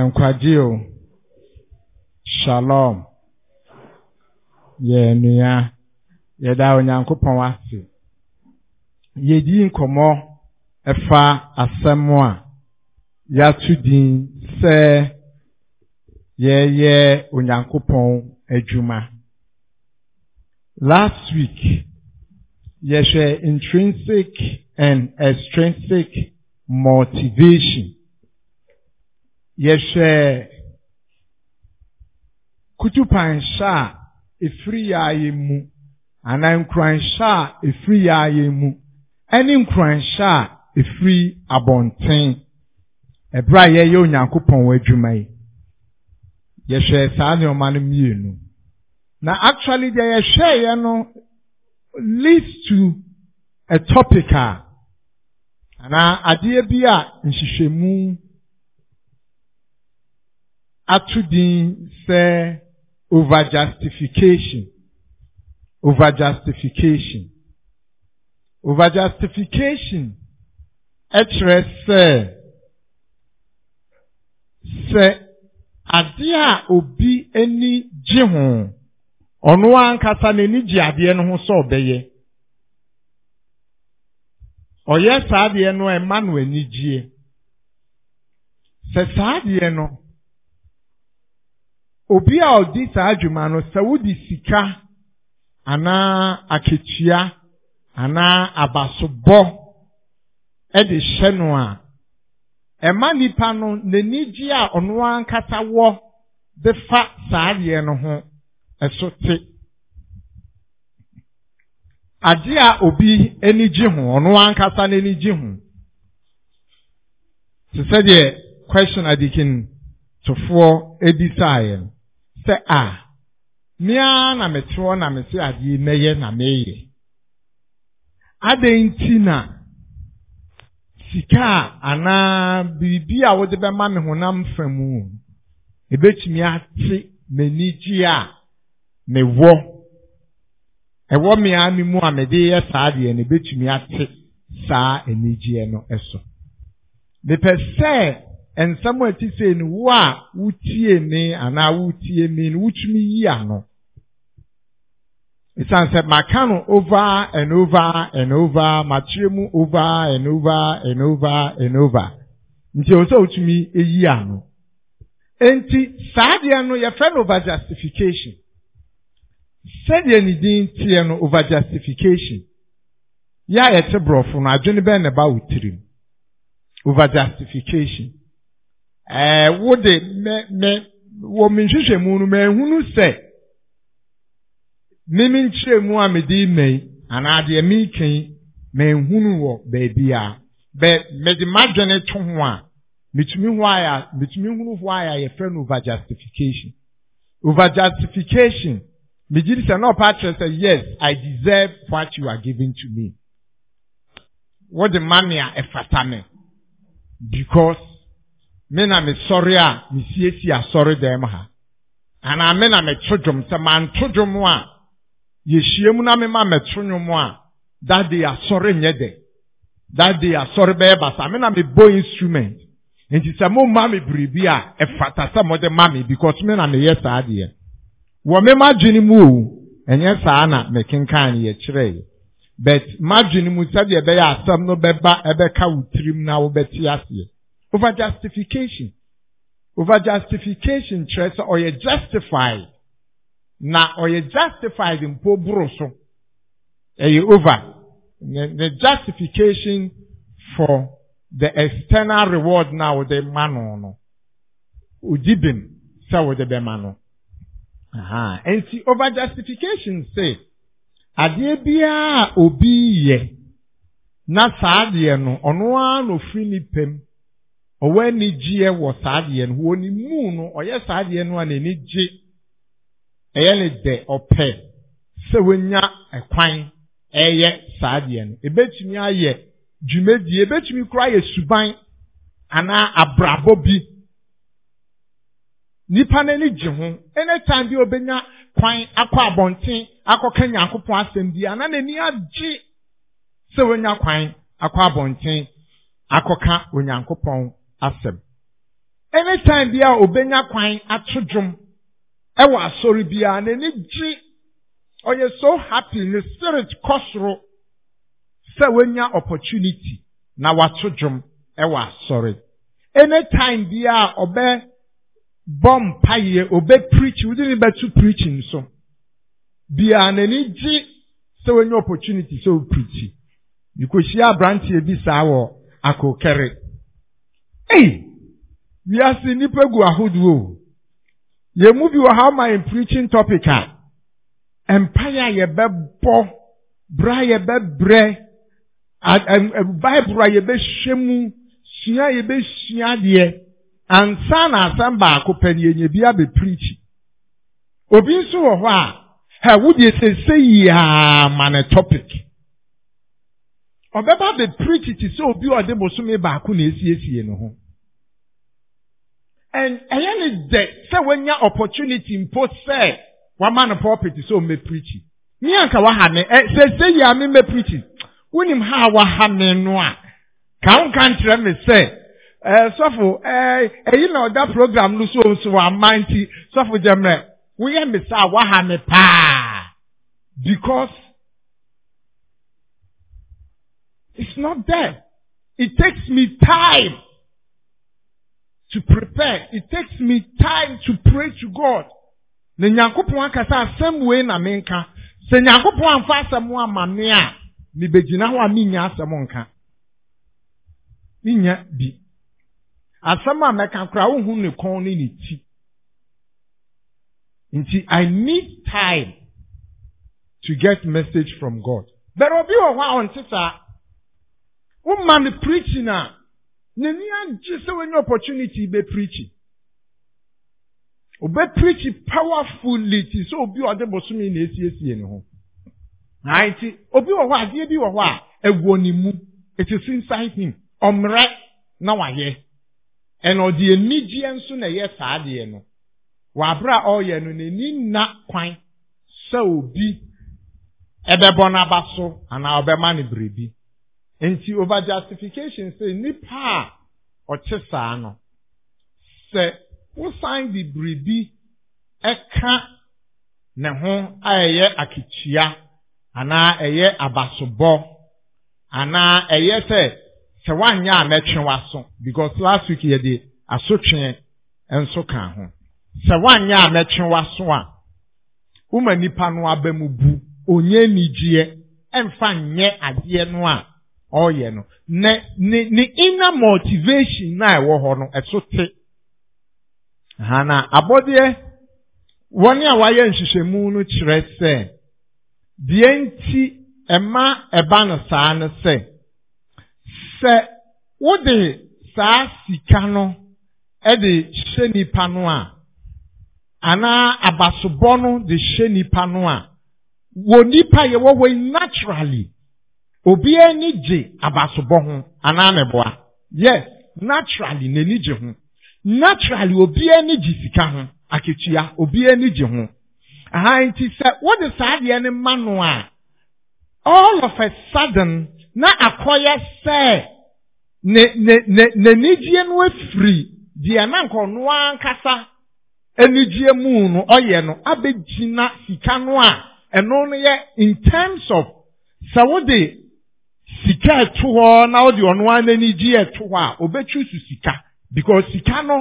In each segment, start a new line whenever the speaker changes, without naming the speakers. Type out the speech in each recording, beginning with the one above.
nkwagye shalom yɛ yɛda onyankopɔn ase yɛdi nkɔmmɔ ɛfa asɛm a yɛato din sɛ yɛyɛ onyankopɔn adwuma last week yɛhwɛ intrinsic and extrinsic motivation yɛhwɛ kutupanhyɛ a efiri yaayɛ mu anaa nkuranhyɛ a efiri yaayɛ mu ɛne nkuranhyɛ a efiri abɔnten ɛbrɛ a yɛyɛ onyankopɔn wɔ adwuma yi yɛhwɛ saa nneɛma no mmienu na actually deɛ yɛ no leads to a topic a anaa adeɛ bi a nhyehyɛmu atudin sɛ over justification over justification over justification ɛkyerɛ sɛ sɛ adeɛ a obi ani gye ho ɔno ankasa n'ani gye adeɛ no ho sɛ ɔbɛyɛ ɔyɛ saa adeɛ no ɛma e no ani gye sɛ saa adeɛ no. obi a ọdị saa adwuma no sɛ wodi sika anaa akakyia anaa abasobɔ ɛde hyɛ no a ɛma nipa no n'ani gye a ɔno ankasa wɔ de fa saa adeɛ no ho ɛso te ade a obi ani gye ho ɔno ankasa n'ani gye ho te sɛ deɛ question adikin tofoɔ ebisaeɛ no. sɛ a mmea na meteɛ na mete adeɛ mɛyɛ na meyɛ adɛn nti na sika a anaa biribi a wode bɛma me honam fa mu ebetumi ate m'anigye a mewɔ ɛwɔ mmea me mu a mede yɛ saa deɛ no ebetumi ate saa anigyeɛ no so. mepɛ sɛ nsɛm a ɛte sei no wo a wotie me anaa wotie me no wotumi yi ano ɛsiane sɛ maka no over and over and over makyerɛ mu over and over and over and over nti ɛwɔ sɛ wotumi e yi ano enti saa deɛ no yɛfrɛ no over justification sɛdeɛ ne din teɛ no over justification yɛ a yɛte borɔfo no adwene bɛn na ba wo over justification ɛɛ eh, wo de mɛ mɛ wɔ mi nhyehyɛ mu no mɛ ehunu sɛ mimi nkyerɛ mu a mede mɛ yi anaa deɛ mi twɛn mɛ ehunu wɔ beebi a bɛ mɛde madwene to ho a mɛtumi ho ayɛ mɛtumi hunu ho ayɛ yɛfrɛ no over justification over justification megye di sɛ na ɔpa akyerɛ sɛ yes i deserve what you are giving to me wɔde ma me a ɛfata me because me na mesɔre a mesiesie asɔre dɛm ha anaa me na meto dwom sɛ manto dwom a yɛhyia mu na mema meto dwom a that day asɔre nyɛ dɛ that day asɔre bɛyɛ basa me na mebɔ instrument nti sɛ momma me biribi a ɛfata sɛ mode ma me because me na meyɛ saa deɛ wɔ me madwene mu o ɛnyɛ saa na mekenkan yɛkyerɛe but madwene mu sɛdeɛ ɛbɛyɛ asɛm no bɛba ɛbɛka wo tirim na wobɛte aseɛ over justification over justification kyerɛ sɛ ɔyɛ justified na ɔyɛ justified mpo boro so ɛyɛ over the ne justification for the external reward na wɔde ma no no odi bim sɛ wɔde bɛma no nti over justification say adeɛ biara obi yɛ na saa adeɛ no ɔno ara na ofiri ne pɛm. ɔwɔ ani gyeɛ wɔ saa adeɛ no wɔn mu no ɔyɛ saa adeɛ no a n'ani gye ɛyɛ ne dɛ ɔpɛ sɛ wonya ɛkwan ɛyɛ saa adeɛ no ebetumi ayɛ dwumadie ebetumi koraa yɛ suban anaa abrabɔ bi nipa n'ani gye ho ɛnɛ anytime bi obenya kwan akɔ abɔnten akɔka nyankopɔn asɛm bi anaa n'ani agye sɛ wonya kwan akɔ abɔnten akɔka onyankopɔn asɛm anytime bi a obenya kwan ato dwom ɛwɔ asɔre biara n'ani gye ɔyɛ so happy ne spirit kɔ soro sɛ wenya opportunity na wato dwom ɛwɔ asɔre anytime bi a ɔbɛ bɔ mpaeɛ obɛ preach wodi ne bɛto preaching so biara n'ani gye sɛ wenya opportunity sɛ o preach nkohyia aberanteɛ bi saa wɔ akokere. Hey! wiase nnipa gu ahodoɔ yɛn mu bi wɔ ha ama preaching topic a mpaeɛ a yɛbɛbɔ bra a yɛbɛbrɛ bible a yɛbɛhwɛ mu sua a yɛbɛsua deɛ ansa na asɛm baako pɛ no yɛnyɛ bi abɛpirikyi obi nso wɔ hɔ a ha wodeɛ sese yiaa ma ne topic ɔbɛba abɛpirikyi te sɛ obi a ɔde bosome baako na esiesie ne ho And ɛyɛ ne So when your opportunity mpo sɛ wama no pulpit sɛ ɔmɛ preaching. Me anka waha me ɛ sɛ sɛ yi a me mɛ preaching. Wonim ha a waha me no a me say? ɛɛ sɔfo ɛɛ ɛyi na ɔda program no so nso wama nti sɔfo gyɛmɛ woyɛ me sɛ a waha me paa because it's not there. It takes me time. to prepare. It takes me time to pray to God. Ne nyankopɔn akasa asɛm wei na menka. Se nyankopɔn amfa asɛm ama me a, begina hɔ a menya asɛm nka. nya bi. Asɛm a mɛka koraa wohu ne kɔn ne ti. Nti I need time to get message from God. There obi wọ̀ hɔ a ɔnte saa. Wọ́n ma me preaching a. n'ani agye sɛ wanya opportunity bɛ preachi be preachi powerfully ti sɛ obi a ɔde bosomi na esiesie ne ho na nti obi wɔ hɔ adeɛ bi wɔ hɔ a ɛwɔ ne mu it is inside him ɔmmerɛ na wayɛ ɛna ɔde anigyeɛ nso na ɛyɛ saa adeɛ no wɔ abere a ɔreyɛ no n'ani nna kwan sɛ obi ɛbɛbɔ n'aba so anaa ɔbɛma no biribi. nti over justification sɛ nipa a ɔkye saa no sɛ wosan de biribi ɛka ne ho a ɛyɛ akekyia anaa ɛyɛ abasobɔ anaa ɛyɛ sɛ sɛ woanyɛ a mɛtwe w'aso because last week yɛde asotwe nso ka ho sɛ woanyɛ a mɛtwe w'aso a woma nipa no aba onye anigyeɛ ɛmfa nyɛ adeɛ no a ɔyɛ no na ne ne inner motivation na ɛwɔ hɔ no ɛso te ha na abɔdeɛ wɔn a wɔayɛ nhyehyɛmu no kyerɛ sɛ deɛ nti ɛma ɛba no saa no sɛ sɛ wode saa sika no ɛde hyɛ nipa no a anaa abasobɔ no de hyɛ nipa no a wɔ nipa yɛ wɔ hɔ yi naturally. obi ani gye abasobɔ ho anaa ne boa yes naturally n'ani gye ho naturally obi ani gye sika ho aketua obi ani gye ho aha nti sɛ wɔde saa adeɛ no ma no a all of a sudden na akɔyɛ sɛ ne ne ne n'anigye no afiri deɛ na nkɔnoa ankasa anigye mu no ɔyɛ no abegyina sika no a ɛno no yɛ in terms of sɛ wɔde sika ɛto hɔ na ɔde ɔno anani gye ɛto hɔ a obetwi so sika because sika no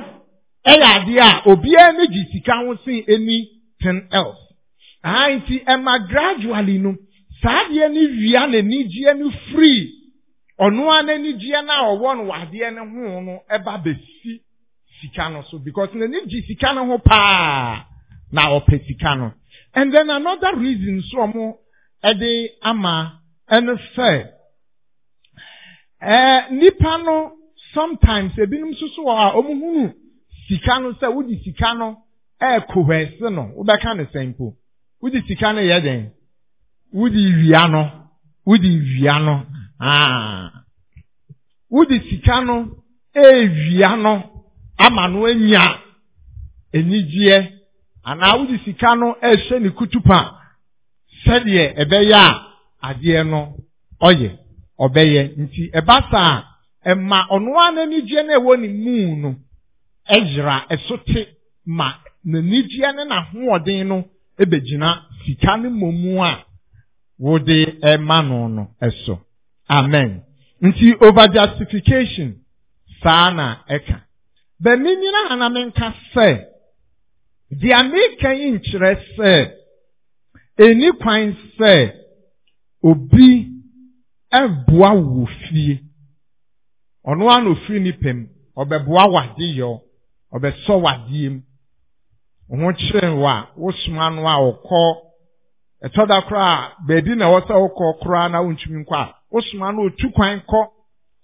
ɛyɛ adeɛ a obiara ne gye sika ho sen anything else aha nti ɛma gradually no saa adeɛ ne wia n'ani gye no free ɔno anani gye no a ɔwɔ no wɔ adeɛ ne ho no ɛba besi sika no so because n'ani gye sika no ho paa na ɔpɛ sika no and then another reason so ɔmo ɛde ama ɛne sɛ. nipa no sometimes ebinom soso wɔ a wɔn hunu sika no sɛ wodi sika no ɛɛko hɛse no wobɛka ne sɛn po wodi sika no yɛ den wodi wia no wodi wia no aa wodi sika no ɛɛwia no ama no anya anigyeɛ anaa wodi sika no ɛɛhyɛ ne kutupa sɛdeɛ ɛbɛyɛ a adeɛ no ɔyɛ. ọbẹyẹ nti ɛba saa ɛma ɔnoa n'anigyeɛ na ɛwɔ ne mu no ɛyera ɛso te ma n'anigyeɛ ne n'ahoɔden no ebegyina sika ne mmomu a wɔde ɛma no no ɛso amen nti over justification saa na ɛka bɛmi nyina anamenka sɛ deɛ meka yi nkyerɛ sɛ eni kwan sɛ obi ɛboa wɔ fie ɔno ara na ofiri ne pɛm ɔbɛboa wadeɛ ɔbɛsɔ wadeɛ mu ɔho kyerɛ wɔ a wosoma no a ɔkɔ ɛtɔ da koraa beebi na ɛwɔ sɛ ɔkɔ koraa na ɔntumi nkɔ a wosoma no otu kwan kɔ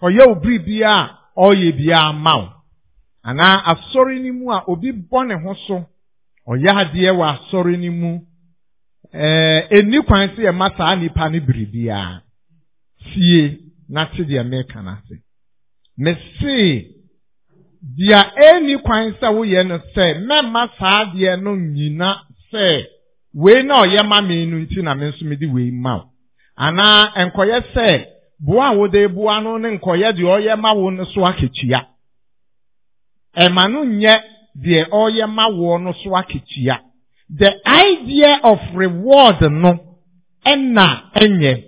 ɔyɛ obiri bia a ɔyɛ bia ama wo anaa asɔre no mu a obi bɔ ne ho so ɔyɛ adeɛ wɔ asɔre no mu ɛɛ eni kwan sɛ yɛma saa nipa no biribiara. tie n'ate deɛ na n'ase mese deɛ ɛni kwan sɛ woyɛ no sɛ mɛma saa deɛ no nyina sɛ wei na ɔyɛ ma me no nti na me nso mede wei ma wo anaa nkɔyɛ sɛ boa a wode boa no ne nkɔyɛ deɛ ɔyɛ ma wo no so akatua ɛma no nyɛ deɛ ɔyɛ ma wo no so akatua the idea of reward no ɛna ɛnyɛ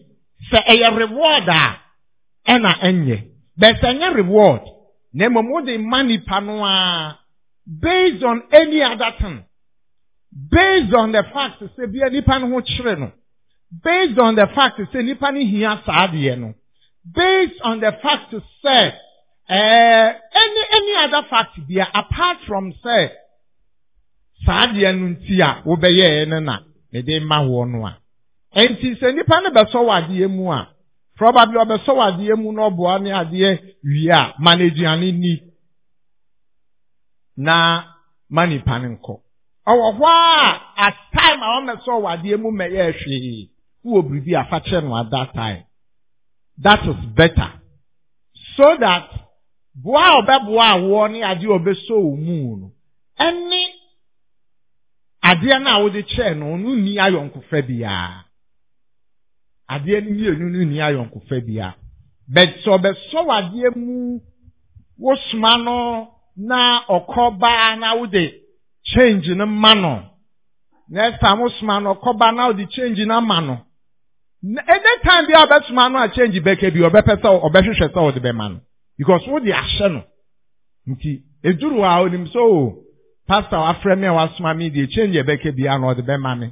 sɛ ɛyɛ reward a ɛna ɛnyɛ bɛsɛ ɛnyɛ reward na mmom wode ma nipa no a based on any other thing based on the fact sɛ bia nipa no ho kyerɛ no based on the fact sɛ nipa no hia saa adeɛ no based on the fact sɛ ɛɛ any any other fact bia apart from sɛ saa adeɛ no nti a wobɛyɛ ɛne na mede ma woɔ no a. nti sɛ nipa no bɛsɔ wɔ adeɛ mu a probably ɔbɛsɔ wɔ adeɛ mu na ɔboa ne adeɛ wie a ma no aduane ni na ma nipa no nkɔ ɔwɔ hɔ a at time a ɔmɛsɔ wɔ adeɛ mu mɛyɛ hwee wɔ biribi afa kyerɛ no at that time that is better so that boa a ɔbɛboa awoɔ ne adeɛ a ɔbɛsɔ wɔ mu no ɛne adeɛ no a wɔde kyerɛ no no nni ayɔnkofa biara. adeɛ no mmienu no ni ayɔnkofa bia but sɛ ɔbɛsɔ wadeɛ mu wosoma soma no na ɔkɔ baa na wode change no ma no next time wo soma no ɔkɔ baa na wode change no ama no ɛdɛ time bi a ɔbɛsoma no a change bɛka bi ɔbɛpɛ sɛ ɔbɛhwehwɛ sɛ ɔde bɛma no because wode ahyɛ no nti eduru a onim so o oh, pastor wafrɛ mi a wasoma mi deɛ change ɛbɛka bi a na ɔde bɛma mi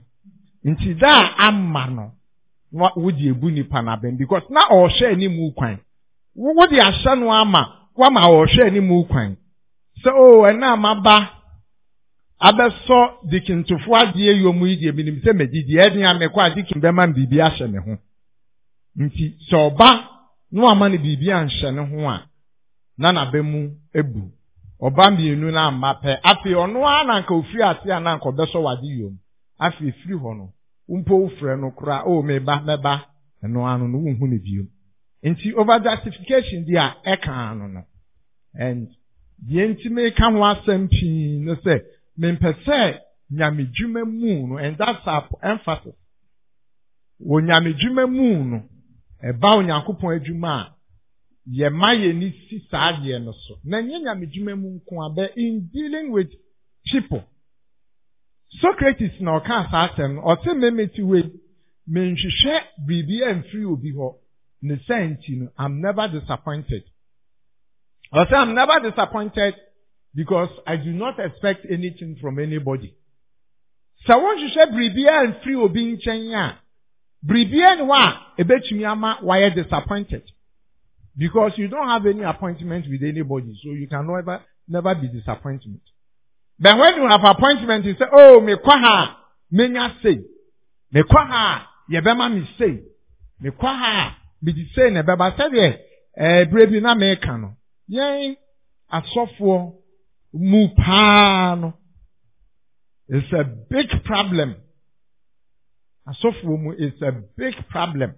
nti daa a ama no. na wodi ebu nipa n'abɛn because na ɔhwɛ anim kwan wodi ahyɛ no ama wama ɔhwɛ anim kwan sɛ o oh, ɛna ama ba abɛsɔ dikintofo adeɛ yom yi deɛ minim sɛ mɛdi deɛ ɛdi amɛkɔ a dikin bɛma biribi ahyɛ ne ho nti sɛ ɔba na wama no biribi anhyɛ ne ho a na n'abɛmu ebu ɔba mmienu na ama pɛ afei ɔno ara na nka ofiri ase a na ɔbɛsɔ wade yom afei firi hɔ no. mpo wofrɛ no koraa o meba meba ɛno ano no wonhu no bio nti over justification di a ɛka ano no and deɛ nti meka ho asɛm pii no sɛ mempɛ sɛ nyamedwuma mu no and that's our emphasis wɔ nyamedwuma mu no ɛba onyankopɔn adwuma a yɛma yɛni si saa adeɛ no so na nyɛ nyamedwuma mu nko abɛ in dealing with people socrates na ɔka saa asɛm no ɔte mmemmetiwe menhwehwɛ biribi amfiri obi hɔ ne sɛn ti no i'm never disappointed ɔsɛ i'm never disappointed because i do not expect anything from anybody sɛ wɔnhwehwɛ biribiara mfiri obi nkyɛn a biribiara ne hɔ a ebetumi ama wayɛ disappointed because you don't have any appointment with anybody so you can never never be disappointed. But when you have appointment, you say, oh, me kwa ha, kwaha, menya say. Me kwa ha, ye bema mi say. Me kwaha, mi di say ne beba. say ye, eh, brave na me kano. Yen, asofo, mu paano. It's a big problem. Asofo mu is a big problem.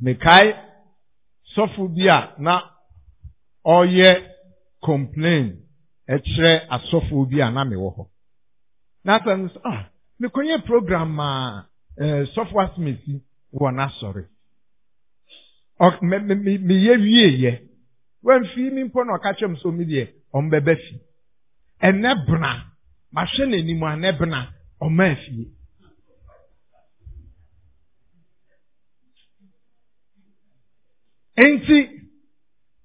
Me kai sofo bia na, oye, oh yeah, complain ɛkyerɛ asɔfo bi a na mewɔ hɔ n'asɛm nso ah mekɔnyɛ program a ɛɛ eh, sɔfo asomesi wɔ n'asɔre ɔ me me me meyɛ wie yɛ wɔnfi mi mpɔ na ɔka kyerɛ mu so oh, mi deɛ ɔmo bɛbɛ fi ɛnɛ bena mahwɛ n'anim a ɛnɛ bena ɔmo afie. nti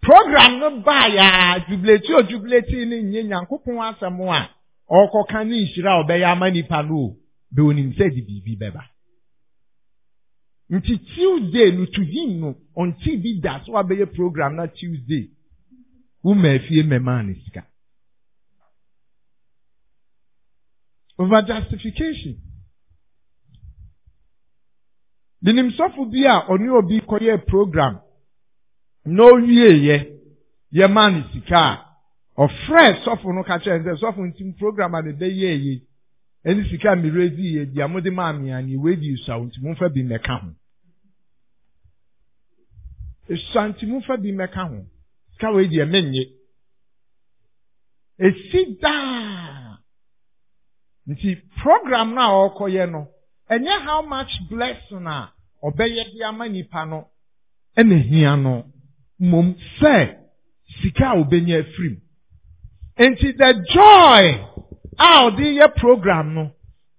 program no baayɛ a jubileti o jubileti ne nye nyankopɔn asɛm a ɔrekɔka ne nhyira a ɔbɛyɛ ama nipa no o bɛ onim sɛ de biribi bɛba nti tuesday no to him no ɔnti bi da so abɛyɛ program na tuesday woma afie mɛmaa ne sika over justification binim sɔfo bi a ɔne obi kɔyɛ program n'owie yɛ yɛ maa ne sika a ɔfrɛ sɔfo no ka kyerɛ sɔfo nti program a deda yɛ yɛ ɛne sika mmiri edi yɛ bia mo de maa mi ani wo edi esuawo nti mo nfa bi mɛka ho esua nti mo nfa bi mɛka ho sika wo edi ɛmɛ nye esi daa nti program no a ɔrekɔ yɛ no ɛnyɛ how much blessing a ɔbɛyɛ de ama nipa no ɛna ehia no. mmom sɛ sika a wobɛnya afiri mu nti the joy a ɔde yɛ program no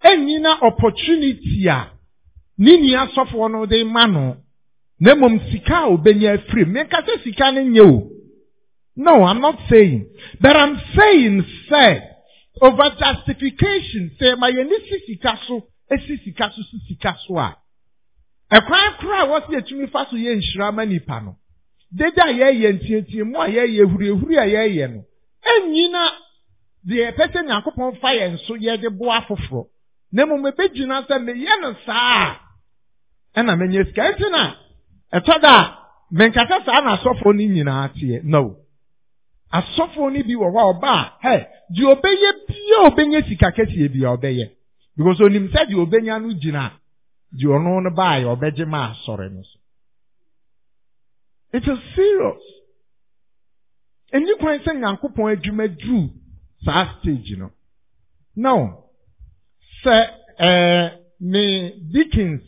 ɛnyina opportunity a ne nua sɔfoɔ no de ma no na mmom sika a wobɛnya afiri mu menkasa sika no nyɛ o no i'm not saying but i'm saying sɛ over justification sɛ ma yɛne si sika so esi sika so si sika so a ɛkwan koro a wɔsi etumi fa so yɛ nhyira no dede a yɛyɛ mu a yɛyɛ ehuriehuri a yɛyɛ no enyina deɛ ɛpɛ sɛ nyankopɔn fa yɛn so yɛde boa foforɔ na mmom gyina sɛ meyɛ no saa ɛna menyɛ sika eti na ɛtɔ da a menkasa saa na asɔfo no nyinaa teɛ no asɔfo no bi wɔ hɔ a ɔbaa hɛ deɛ ɔbɛyɛ bia ɔbɛnya sika kɛseɛ bia ɔbɛyɛ because onim sɛ deɛ ɔbɛnya no gyina deɛ ɔno no baayɛ ɔbɛgye ma asɔre no so. It is serious. Ẹni kwan sẹ nyankopɔn adwuma duru saa stage no. Now, sɛ ɛɛ ne Dickens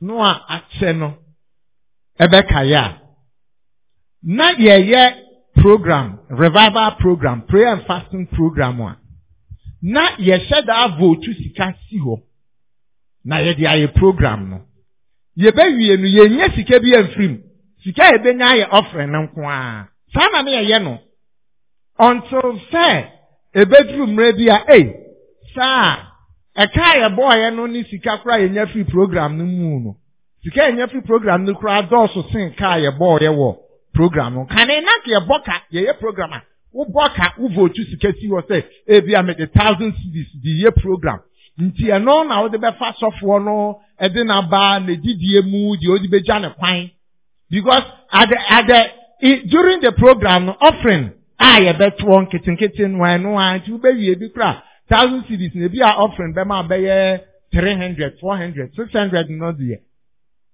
no a akyɛ no ɛbɛka yɛ a, na ye program revival program prayer and fasting program one. na ye daa vootu sika si hɔ na ye diye program no. Yɛbɛwie no yɛnyɛ sika bi amfiri mu. sika ebe ebenya ayɛ ɔfrɛ no nko a saa na ne yɛyɛ no ɔntil sɛ ebeduru mmerɛ bi a ei saa ɛka a yɛbɔɔyɛ no ne sika koraa yɛnya firi program no mu no sika yɛnya firi program no koraa dɔɔso sen ka a yɛbɔɔyɛ wɔ program no kane na ka yɛbɔ ka yɛ program a wobɔ ka wovotu sika si hɔ sɛ ebi a mede thousand cities de yɛ program nti ɛno na wode bɛfa sɔfoɔ no ɛde na n'edidie mu deɛ odi begya ne kwan Because during the program, offering, I ah, bet one kitten kitten one, two baby, be Thousand cities, maybe I offering, be my bay, 300, 400, 600, no dear.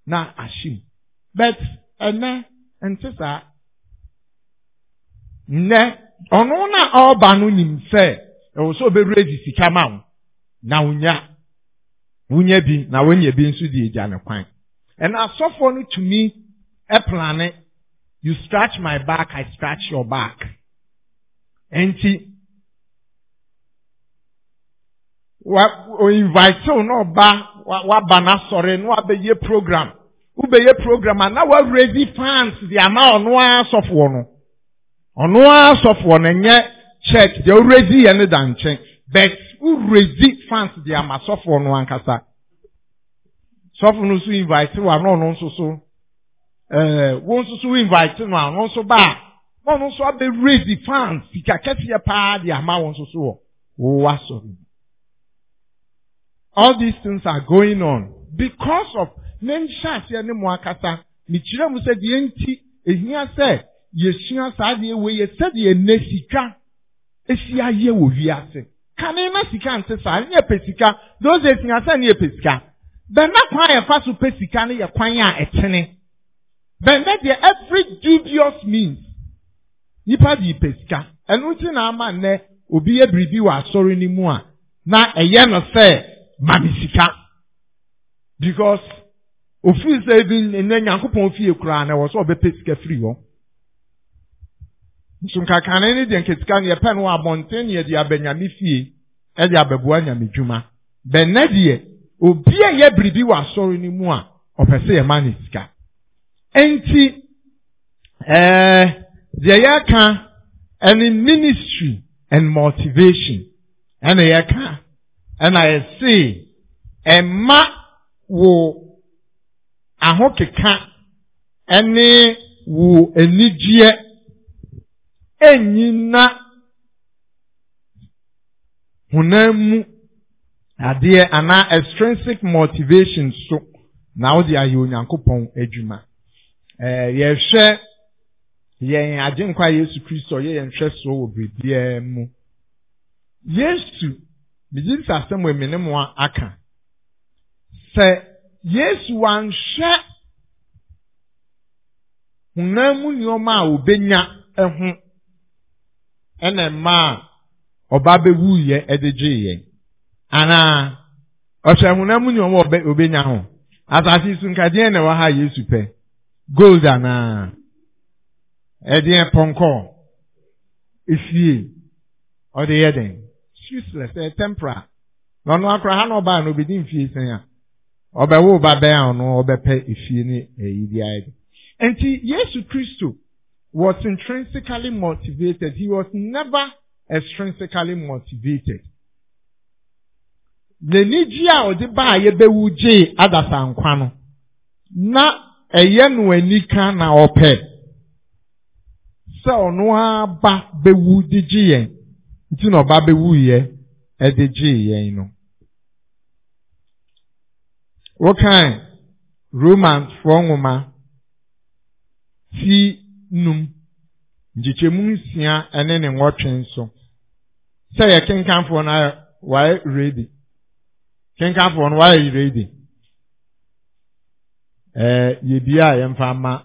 Now, ashim. But, and and sister, nnɛ ɔno na ɔreba no nim sɛ ɛwɔ sɛ ɔbɛwura na wonya nwunye bi na nwunye bi nso dị egya n'ekwan. kwan ɛna ɛplane you scratch my back i scratch your back ɛnti wa o invite o na ɔba waba na na wabɛyɛ program wobɛyɛ program a na wawuredi fans di ama ɔno asɔfoɔ no ɔno asɔfoɔ no nyɛ church deɛ wuredi yɛ ne da nkyɛn but wuredi fans di ama sɔfoɔ no ankasa sɔfo no nso invite wa na ɔno nso so. Eh, wọn nso so invite no a wọn nso baa wọn nso abɛ raise fans sika kɛseɛ paa de ama wọn nso so wɔ wɔwɔ asɔre all these things are going on because of ne nhyɛ aseɛ ne mu akasa mekyerɛ mu sɛ deɛ nti ehia sɛ yɛsua saa deɛ wɔ yɛ sɛdeɛ ne sika esi ayɛ wɔ wiase kane na sika nte saa ne yɛ pɛ sika those days nyasa ne yɛ pɛ sika bɛnna kwan a yɛfa so pɛ sika no yɛ kwan a ɛtene bɛnbɛ deɛ every dubious means nipa di pɛ sika ɛnu ti na ama nnɛ obi yɛ biribi wɔ asɔre ne mu a na ɛyɛ no sɛ mami sika because ofiri sɛ ebi nnɛ nyankopɔn fie koraa na ɛwɔ sɛ ɔbɛpɛ sika firi hɔ nsunkakane ne deɛ nketewa no yɛpɛ no wɔ abɔnten ne yɛde abɛ nyame fie ɛde abɛboa nyame dwuma bɛnɛ deɛ obi a biribi wɔ asɔre ne mu a ɔpɛ sɛ yɛ sika. Enti, ɛɛ eh, deɛ yɛka ɛne ministry and motivation ɛna yɛka ɛna yɛse ɛma wo ahokeka ɛne wo anigyeɛ ɛnyina honam mu adeɛ anaa extrinsic motivation so na wode ayɛ onyankopɔn adwuma yɛhwɛ yɛn agyenkwa yesu kristo ɔyɛ yɛn soɔ wɔ biribiara mu yesu megye nsa asɛm emi ne mu aka sɛ yesu wanhwɛ honam mu nneɛma a obenya ho ɛna mmaa ɔba abɛwu yɛ ɛde gye yɛ anaa ɔhwɛ honam mu nneɛma a obenya ho asase sunkadeɛ na ɛwɔ ha yesu pɛ. gold anaa ɛde yɛ pɔnkɔ efie ɔde yɛ den useless ɛ eh, tempera. na ɔno akora ha na ɔbaa no obi di mfie sɛn e a ɔbɛwo ba bɛn a ɔno ɔbɛpɛ efie ne ɛyi bi ayɛ den nti yesu kristo was intrinsically motivated he was never extrinsically motivated n'anigye a ɔde baa yɛbɛwu gyee adasankwa no na. ɛyɛ no anika na ɔpɛ sɛ ɔno aba bewu de gye yɛn nti na ɔba bewu yɛ ɛde gye yɛn no wokan romans foɔ nwoma ti num nkyekyɛmu nsia ɛne ne nwɔtwe nso sɛ yɛ kenkanfoɔ no ayɛ wɔayɛ ready kenkanfoɔ no wɔayɛ ready ɛɛ yɛ bia a yɛmfa ma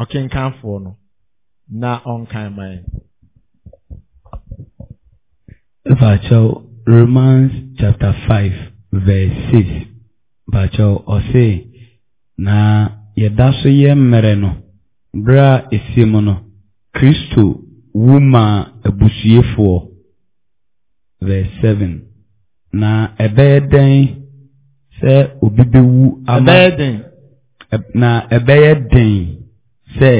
ɔkenkanfoɔ no na ɔnkan ma yɛn.
Bàtchɛw Romans chapter five verse six bàtchɛw ɔsè na yɛda so yɛ mmerɛ no bere a esi mu no Kristo wu ma abusuefoɔ verse seven na ɛbɛyɛ dɛn sɛ obi bɛwu ama ɛbɛyɛ dɛn. na ɛbɛyɛ den sɛ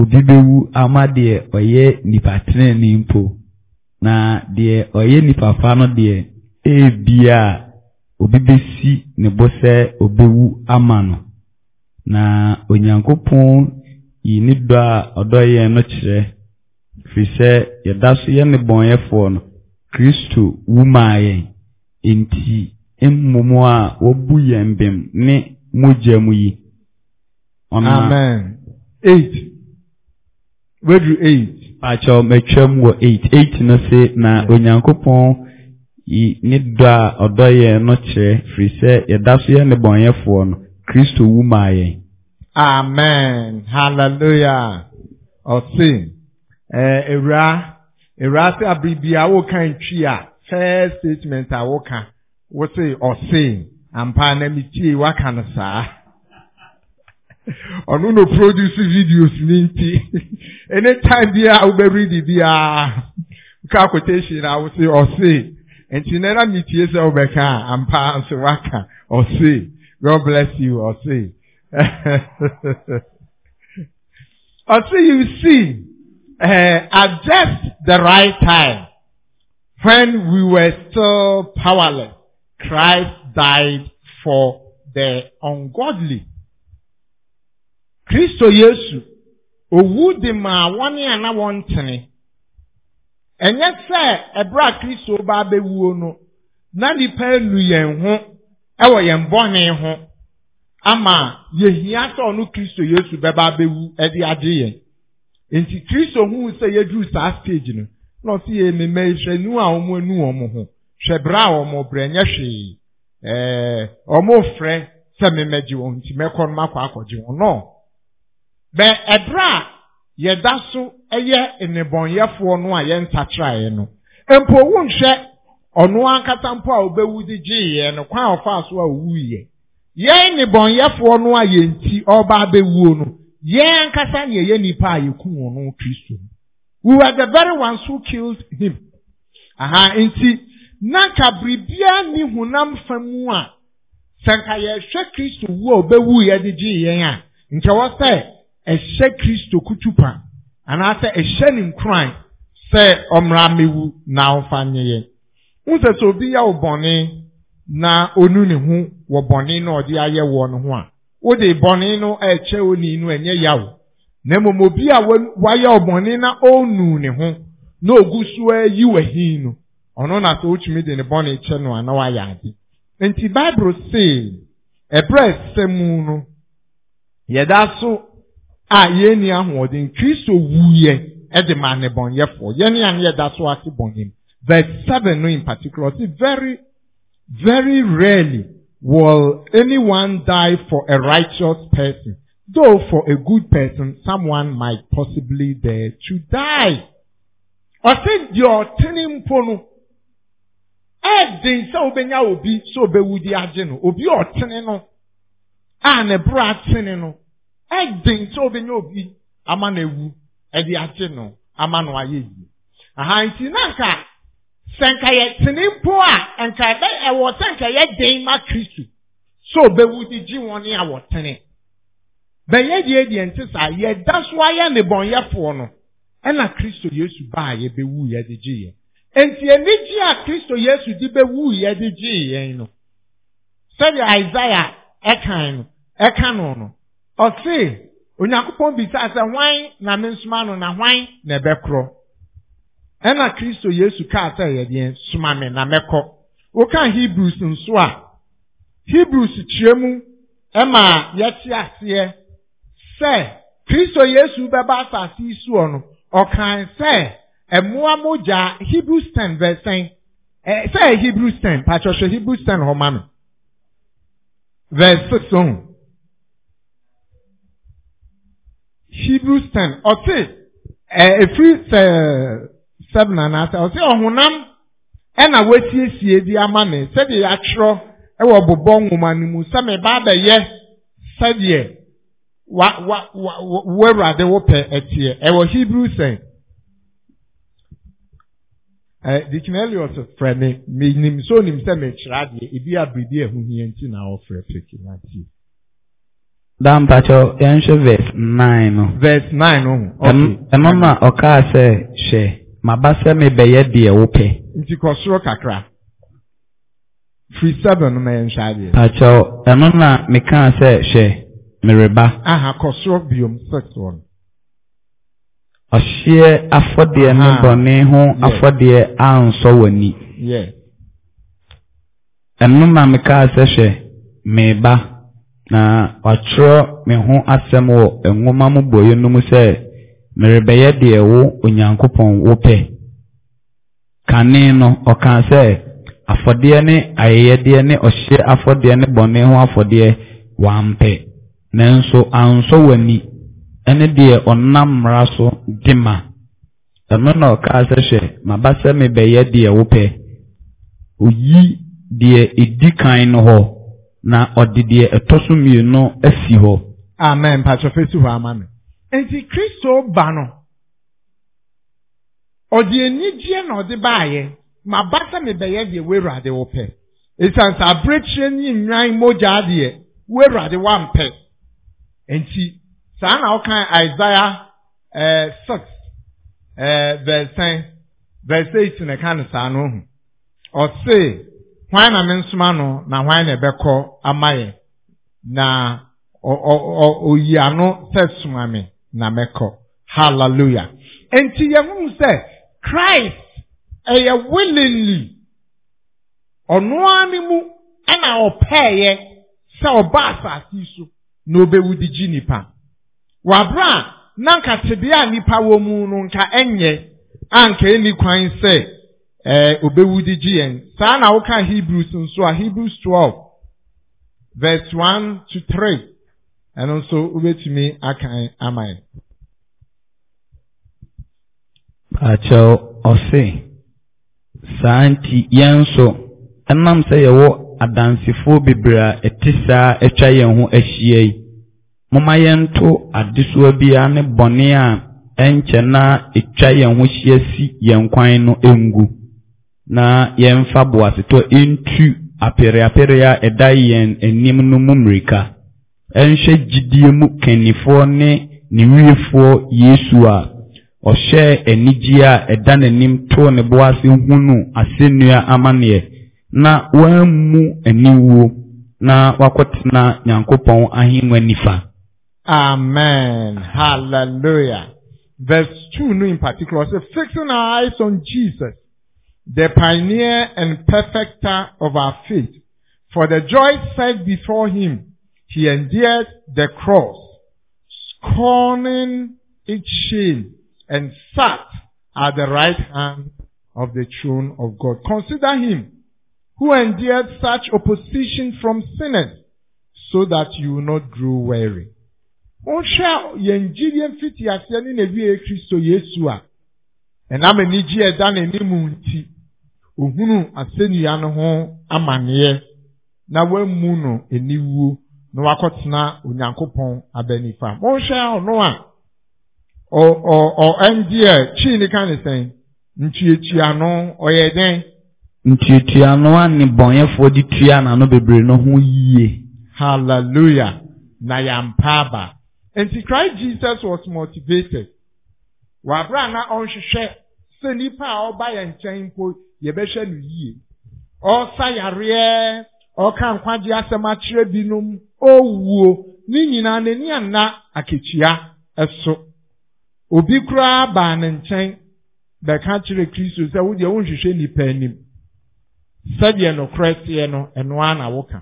obi bɛwu ama deɛ ɔyɛ nipa tenani mpo na deɛ ɔyɛ nipa fa no deɛ ebia obi bɛsi ne bo sɛ obewu ama no na onyankopɔn yi ne dɔ a ɔdɔ yɛn no kyerɛ fi sɛ yɛda so yɛ ne bɔnyɛfoɔ no kristo wu maa yɛn nti mmomu a wɔbu yɛn bem ne mogya mu yi Amen. Eight. Wedru eight. Pàtjọ mẹtwam wọ eight. Eight no say na onyankopɔn yi ne dɔ a ọdọ yɛn no kyerɛ firi sɛ yɛda so yɛ ne bɔnyɛfoɔ no Kristo wu maa yɛn.
Amen. Hallelujah. Ɔsi ɛɛ ewura ewura sɛ abiribi a woka ntwi a first statement a woka wosi ɔsi ampa na mi tie waka no saa. nọ produce videos ni nti anytime bi a wobɛredi biara woka quotation a wose ɔse nti na na metie sɛ wobɛka a ampa nso waka ɔse god bless you ɔse ɔse you see uh, at just the right time when we were still powerless christ died for the ungodly kristo yesu owu dị ma wɔne a na wɔntene ɛnyɛ sɛ ɛberɛ a kristo ba abɛwuo no na nipa enu yɛn ho ɛwɔ yɛn bɔne ho ama yehia sɛ ɔno kristo yesu bɛba abɛwu ịdị e adị yɛn nti kristo huu sɛ yɛduru saa stage no na ɔsi yɛ mmemme hwɛ nu a wɔn anu wɔn ho hwɛ bere a wɔn brɛ nyɛ hwee ọmụ wɔn frɛ ememe mmemme gye wɔn nti mɛkɔ no akọ akɔgye wɔn nɔɔ. bɛ ɛbrɛ a yɛda so yɛ nnebɔnyɛfoɔ no a yɛntatraeɛ no mpo wonhwɛ ɔno ankasa mpo a obɛwu de gyeeɛ no kwan a ɔfaa so a owuiɛ yɛn nnebɔnyɛfoɔ no a yɛn ti ɔba abɛwuo no yɛn ankasa na yɛyɛ nipa a yɛku wɔn no kristo we were the very ones who killed him aha nti na nka biribiara ni honam fa a sɛ nka yɛhwɛ kristo wu a obɛwu yɛ de gyee yɛn a nka wɔsɛ ɛhyɛ kristo kutupa anaasɛ ɛhyɛ ne nkuran sɛ ɔmmra mewu na ɔmfa nyɛ yɛn sɛ obi yɛ wo na onu ne ho wɔ bɔne na ɔde ayɛ wɔ ne ho a wode bɔne no ɛkyɛ oni no ɛnyɛ yaw na mmom obi a wayɛ wo na ɔnu ne ho na ogu so ayi wahin no ɔno na sɛ wotumi de ne bɔne kyɛ no a na wayɛ ade nti bible se ɛberɛ ɛsɛ mu no yɛda so a yɛnni ahoɔden kristo wuyɛ ɛde ma nnebɔnyɛfoɔ yɛne a no yɛda so ase bɔnyim verse seven no in particular ɔsi very very rarely will anyone die for a righteous person though for a good person someone might possibly dare to die ɔsi deɛ ɔtene mpo no ɛden sɛ wobɛnya obi sɛ obɛwu di agye no obi ɔtene no a ne bere atene no. ɛdi nkyɛ obenya obi ama na ewu ɛdi akyi no ama na wayɛ yie ahansi na nka sɛ nka yɛ tene a nka ɛbɛ ɛwɔ sɛ nka den ma kristu so obewu di gye wɔn a wɔtene bɛyɛ deɛ deɛ nti saa yɛda so ayɛ ne bɔnyɛfoɔ no ɛna kristo yesu baa yɛbɛwu yɛ di gye yɛn nti anigye a kristo yesu di bɛwu yɛ di gye yɛn no sɛdeɛ isaia ɛkan no ɛka no no ɔse onyankopɔn bisaa sị hwan na me nsoma no na hwan na ɛbɛkorɔ ɛna kristo yesu kaa sɛ yɛdeɛ soma me na mɛkɔ woka hebrews nso a hebrews kyerɛ mu ɛma yɛte aseɛ sɛ kristo yesu bɛba asase yi soɔ no ɔkan sɛ ɛmoa mogya hebrews ten vɛsɛn ɛɛ sɛ hebrews ten patwɛhwɛ hebrews ten hɔ ma no vɛs six ohun. Hebrews 10 ɔsi efiri sɛ seven anaasɛ ɔsi ɔhunam ɛna wasiesie bi ama mi sɛdeɛ yɛatwerɛ ɛwɔ bobɔ nwoma no mu sɛmi ba abɛyɛ sɛdeɛ wa wa wa wɔwurade wopɛ ɛteɛ ɛwɔ Hebrews 10 ɛɛ dikinɛli ɔsi frɛ mi mi nim so nim sɛ mi kyerɛ adeɛ ebi abiribi ɛho hia nti na ɔfrɛ pɛkɛ na tie.
Dan pacho, yɛn verse nine no.
verse nine no. okay. ɛno na
ɔkaa sɛ hyɛ maba sɛ deɛ wopɛ.
nti kɔ soro kakra. firi seven no na yɛn adeɛ.
pacho ɛno na mekaa sɛ hyɛ mereba.
aha kɔ soro biom six one.
ɔhyeɛ afɔdeɛ ne bɔne ho afɔdeɛ ansɔ w'ani. ɛno na mekaa sɛ hyɛ na wɔatwerɛ me ho asɛm wɔ nwoma mmobɔeɛ no mu sɛ merebɛyɛ deɛ wo onyankopɔn wopɛ kane no ɔkaa sɛ afɔdeɛ ne ayɛyɛdeɛ ne ɔhyɛ afɔdeɛ ne bɔne ho afɔdeɛ wampɛ nanso ansɔ w'ani ɛne deɛ ɔnam mmara so de ma ɛno na ɔkaa sɛ hwɛ maba sɛ mebɛyɛ deɛ wopɛ oyi deɛ ɛdi kan no hɔ na ɔde deɛ ɛtɔ so mmienu asi hɔ.
amen mpatsɔfo si hɔ ama mi. nti kristo ba no ɔde anigyeɛ na ɔde baayɛ ma bata sɛ mebɛyɛ deɛ wewurade wo pɛ esan sɛ abirekyire ne nnwan mogya adeɛ wewurade wampɛ nti saa na ɔkan isaiah ɛɛ eh, six ɛɛ vɛsɛn vɛsɛ eight na ɛka no saa no ho ɔsee. hwan na mensoma no na hwan na ɛbɛkɔ ama yɛ na oyi ano sɛ soma me na mɛkɔ hallelujah nti yɛhu sɛ christ ɛyɛ willingly ɔno ara ne mu ɛna ɔpɛɛyɛ sɛ ɔba asase so na obewu de gyi nipa wabra na nkatebea nipa wɔ mu no nka ɛnyɛ anka ɛni kwan sɛ ee eh, obewudi gye yɛn saa na woka hebrews nso a hebrews 12 verse 1 to 3 ɛno nso wobɛtumi akan ama yɛn
akyɛw ɔse saa nti yɛn nso ɛnam sɛ yɛwɔ adansefoɔ bebree a ɛte saa atwa yɛn ho ahyia yi momma yɛnto adesoa biara ne bɔne a ɛnkyɛ na etwa yɛn ho hyia si yɛn kwan no ngu na yɛmfa boasetɔ ntu apere a ɛda yɛn anim no mu mmirika ɛnhwɛ gyidie mu kannifoɔ ne ne wiefoɔ yesu a ɔhyɛɛ anigye a ɛda n'anim too ne bo ase hunu asennua amanneɛ na wɔammu aniwuo na wakɔtena nyankopɔn ahengua nifa
amen hallelujah verse 2 no in particular say fixing our eyes on jesus the pioneer and perfecter of our faith. For the joy set before him, he endured the cross, scorning its shame, and sat at the right hand of the throne of God. Consider him who endured such opposition from sinners so that you will not grow weary. Wohwɛ yɛn gyidie mfitiaseɛ ne na ewie Kristo Yesu a, ohunu asɛnnua no ho amanneɛ na wammu no aniwuo na wakɔtena onyankopɔn abanifa monhwɛ ɔno a ɔndeɛ kyii ne ka ne sɛn ntuatua no ɔyɛ dɛn
ntuatua no a nnebɔnyɛfoɔ de tua n'ano bebree no ho
yie hallelujah na yɛampa aba nti christ jesus was motivated wabra na ɔnhwehwɛ sɛ nipa a ɔba yɛn nkyɛn mpo yɛbɛhwɛ no yie ɔsa yareɛ ɔka nkwagye asɛm akyerɛ binom owuo ne nyinaa n'ani anna akakyia ɛso obi koraa baa ne nkyɛn bɛka kyerɛ kristo sɛ wodeɛ wonhwehwɛ nnipa anim sɛdeɛ nokorɛ teɛ no ɛnoa na woka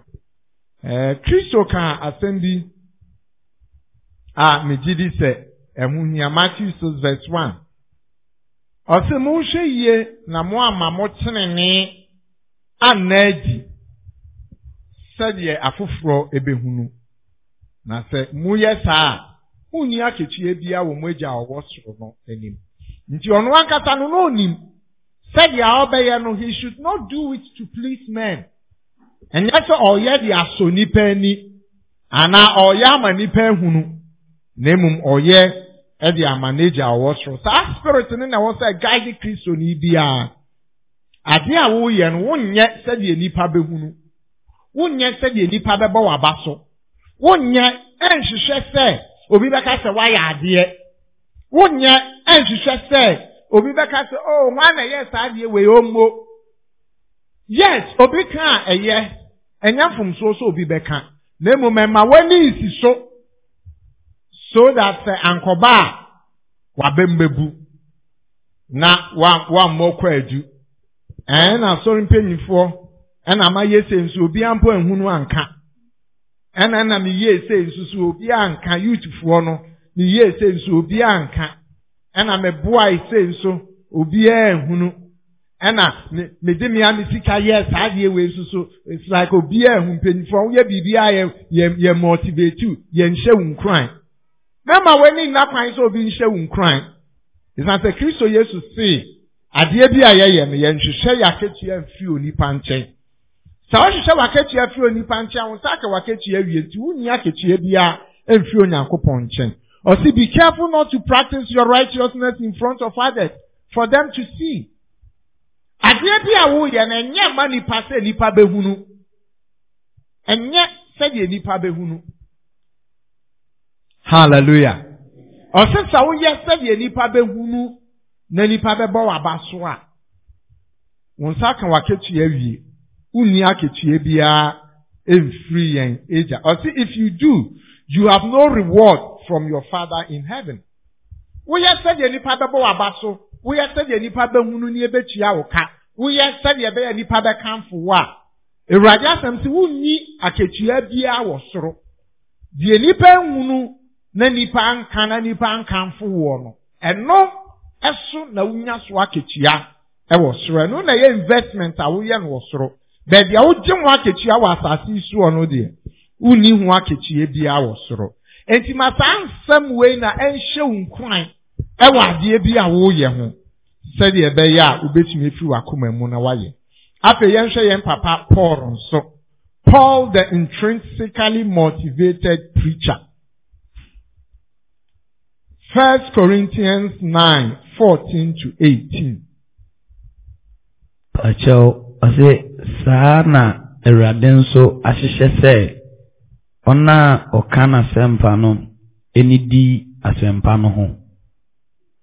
ɛɛ kristo ka asɛm bi a megye di sɛ ɛho hia matthew six verse one ɔsɛ monhwɛ yie na mo ama mo tenene anna adi sɛdeɛ afoforɔ ebehunu na sɛ moyɛ saa a munni akakyia biara wɔ mo agya a ɔwɔ soro no anim nti ɔno ankasa no na onim sɛdeɛ ɔbɛyɛ no he should not do it to please men ɛnyɛ sɛ ɔyɛ de asɔ nipa ani anaa ɔyɛ ama nipa ehunu na emum ɔyɛ. ɛde amanage a ɔwɔ soro saa spirit no na ɛwɔ sɛ guide kristo ni biara adeɛ a wɔreyɛ no wonyɛ sɛdeɛ nipa bɛhunu wonyɛ sɛdeɛ nipa bɛbɔ waba so wonyɛ ɛnhwehwɛ sɛ obi bɛka sɛ wayɛ adeɛ wonyɛ ɛnhwehwɛ sɛ obi bɛka sɛ oh wɔn na yɛ saa adeɛ wɔ yɛ yes obi ka a ɛyɛ ɛnyɛ mfomsoɔ sɛ obi bɛka na mmom ɛma wɔn ani si so. so that sɛ eh, ankɔba a wabɛ mbɛbu na wammɔ kɔ adu ɛna eh, asɔre mpanyinfoɔ ɛna eh, ama yie se nso obi mpo ehunu anka ɛna ɛna ne yie se nso so obi anka yutufoɔ no ne yie se nso obi anka ɛna me boa e se nso obi ehunu ɛna me me de mea me sika yɛ saa adeɛ wei nso so it's like obi ehu mpanyinfoɔ yɛ biribi a yɛ yɛ yɛ motivate yɛ nhyɛ nkran. na ma w'ani nna kwan sɛ obi nhyɛ wo nkran ɛsan sɛ kristo yesu see adeɛ bi a yɛyɛ no yɛnhwehwɛ yɛ akatua mfiri onipa nkyɛn sɛ wohwehwɛ w'akatua firi onipa nkyɛn wo nsa aka w'akatua awie nti wonni akatua bi a mfiri onyankopɔn nkyɛn ɔsi be careful not to practice your righteousness in front of others for them to see adeɛ bi a woyɛ no ɛnyɛ ma nipa sɛ nipa bɛhunu ɛnyɛ sɛdeɛ nipa bɛhunu hallelujah ɔsɛ sɛ woyɛ sɛdeɛ nipa bɛhunu na nipa bɛbɔ waba so a wo nsa ka w'akatua wie wonni akatua biara mfiri yɛn agya ɔsɛ if you do you have no reward from your father in heaven woyɛ sɛdeɛ nipa bɛbɔ waba so woyɛ sɛdeɛ nipa bɛhunu na ebetua wo ka woyɛ sɛdeɛ bɛyɛ nipa bɛkanfo wo a awurade asɛm sɛ wonni akatua biara wɔ soro deɛ nipa ehunu. na nnipa anka na nnipa ankamfo wɔ no ɛno ɛso na wonya so akatua ɛwɔ soro ɛno na ɛyɛ investment a woyɛ no wɔ soro baabi a wogye ho akatua wɔ asase isu soɔ no deɛ wonni ho akatua biara wɔ soro nti ma saa nsɛm wei na ɛnhyɛ wo nkwan ɛwɔ adeɛ bi a woyɛ hụ. sɛdeɛ ɛbɛyɛ a wobɛtumi afiri w'akoma mu na wayɛ afei yɛnhwɛ yɛn papa paul nso paul the intrinsically motivated preacher 1 Corinthians 9, 14 to 18.
Ọchọ ọsị saa na Awurade nso ahyehyɛ sɛ ɔna a ɔka n'asɛmpa no ani di asɛmpa no ho.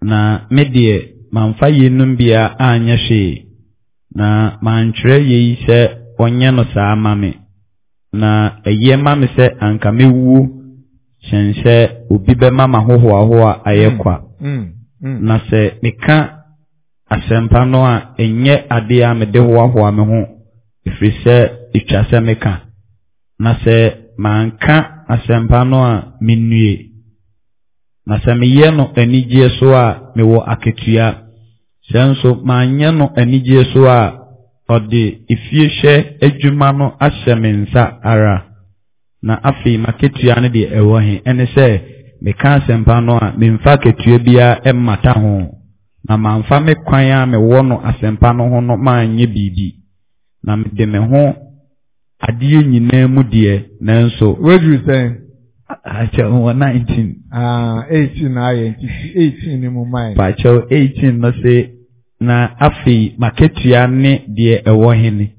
Na me deɛ mamfa yeinom bia anyɛ hwee na mantwerɛ yei sɛ ɔnyɛ no saa ma me na ɛyɛ ma me sɛ anka hyɛnhyɛ obi bɛma ma hohoahoa ayɛ mm. kwa mm. Mm. na sɛ meka asɛmpa no a ɛnyɛ adeɛ a mede hoahoa me ho ɛfiri sɛ ɛtwa sɛ meka na sɛ manka asɛmpa no a mennue na sɛ meyɛ no anigyeɛ so a mewɔ akatua sɛ nso manyɛ no anigyeɛ so a ɔde efie hyɛ adwuma no ahyɛ me nsa ara na afei ma ketua no deɛ ɛwɔ he ɛne sɛ meka asɛmpa no a memfa ketua biara ɛmmata ho na mamfa me kwan a mewɔ no asɛmpa no ho no maanyɛ biribi na mede me ho adeɛ nyinaa mu deɛ nanso akyɛw wɔ 18 na ayɛ
nti
18 no na afei maketua ne deɛ ɛwɔ he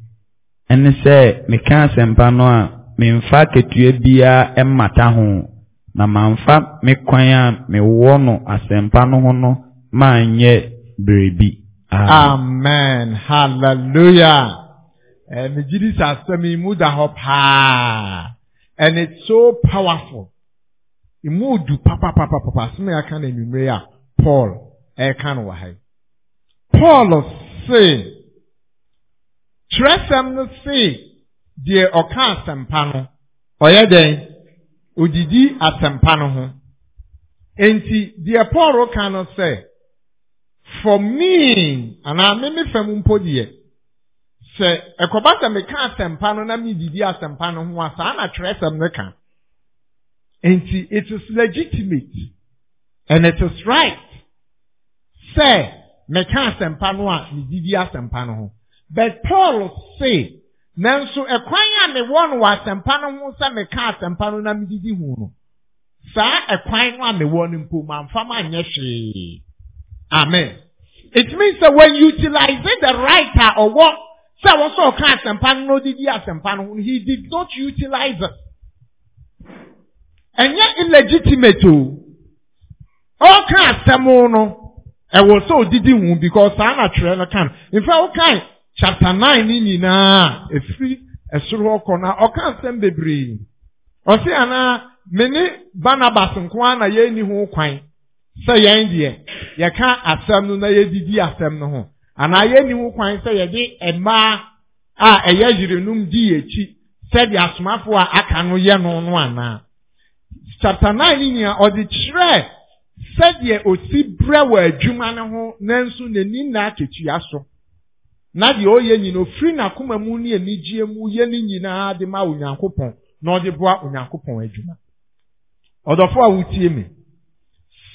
ɛne sɛ meka asɛmpa no a memfa ketua biara mmata ho na mamfa me kwan a mewɔ no asɛmpa no ho no manyɛ biribi.
amen hallelujah ɛne gyidi sɛ asɛm imu da hɔ paa and it's so powerful mu du papapapapa asɛm yɛ aka na anwummerɛ a paul ɛreka no ha yi paul se twerɛsɛm no se deɛ ɔka asɛmpa no ɔyɛ dɛn odidi asɛmpa no ho enti deɛ paul ka no sɛ for me anaa meme fam mpo deɛ sɛ ɛkɔba sɛ meka asɛmpa no na medidi asɛmpa no ho a saa na twerɛsɛm no ka enti it is legitimate and it is right sɛ meka asɛmpa no a medidi asɛmpa no ho but paul say nanso ɛkwan a mewɔ no wɔ asɛmpa no ho sɛ meka asɛmpa no na medidi ho no saa ɛkwan no a mewɔ no mpo mamfa ma nyɛ hwee amen it means sɛ when utilizing the right a ɔwɔ sɛ wɔn sɛ ɔka asɛmpa no na ɔdidi asɛmpa no ho he did not utilize it ɛnyɛ illegitimate o ɔka asɛm no ɛwɔ sɛ ɔdidi ho because saa na twerɛ no kan nfa ɔkan. chapter 9 ni nyinaa efiri ɛsoro hɔ kɔ na ɔka nsɛm bebree ɔsi anaa mene barnabas nko ara na yɛnni ho kwan sɛ yɛn deɛ ya ka no na yɛdidi asɛm no ho anaa yɛnni ho kwan ya yɛde mmaa a yiri yerenom di akyi sɛde asomafoɔ a aka no yɛ no no chapter 9 ni ọ dị kyerɛ sɛdeɛ osi brɛ wɔ adwuma no ho nanso n'ani na aketua so. na deɛ ɔyɛ nyina ofiri n'akoma mu ne anigyeɛ mu yɛ ne nyinaa de ma onyankopɔn na ɔde boa onyankopɔn adwuma ɔdɔfo a wotie me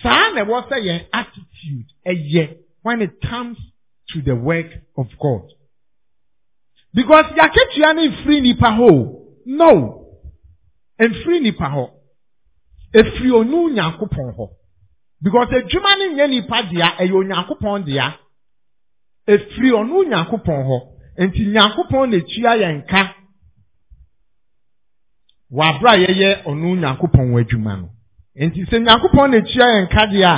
saa na ɛwɔ sɛ yɛn attitude ɛyɛ when it comes to the work of God because yɛaketua no mfiri nipa hɔ no mfiri nipa hɔ efiri onu onyankopɔn hɔ because adwuma no nyɛ nipa dea ɛyɛ onyankopɔn dea. efiri ɔno nyankopɔn hɔ nti nyankopɔn na etua yɛn ka wɔ abere a yɛyɛ ɔno nyankopɔn wɔ adwuma no nti sɛ nyankopɔn na etua yɛn ka deɛ a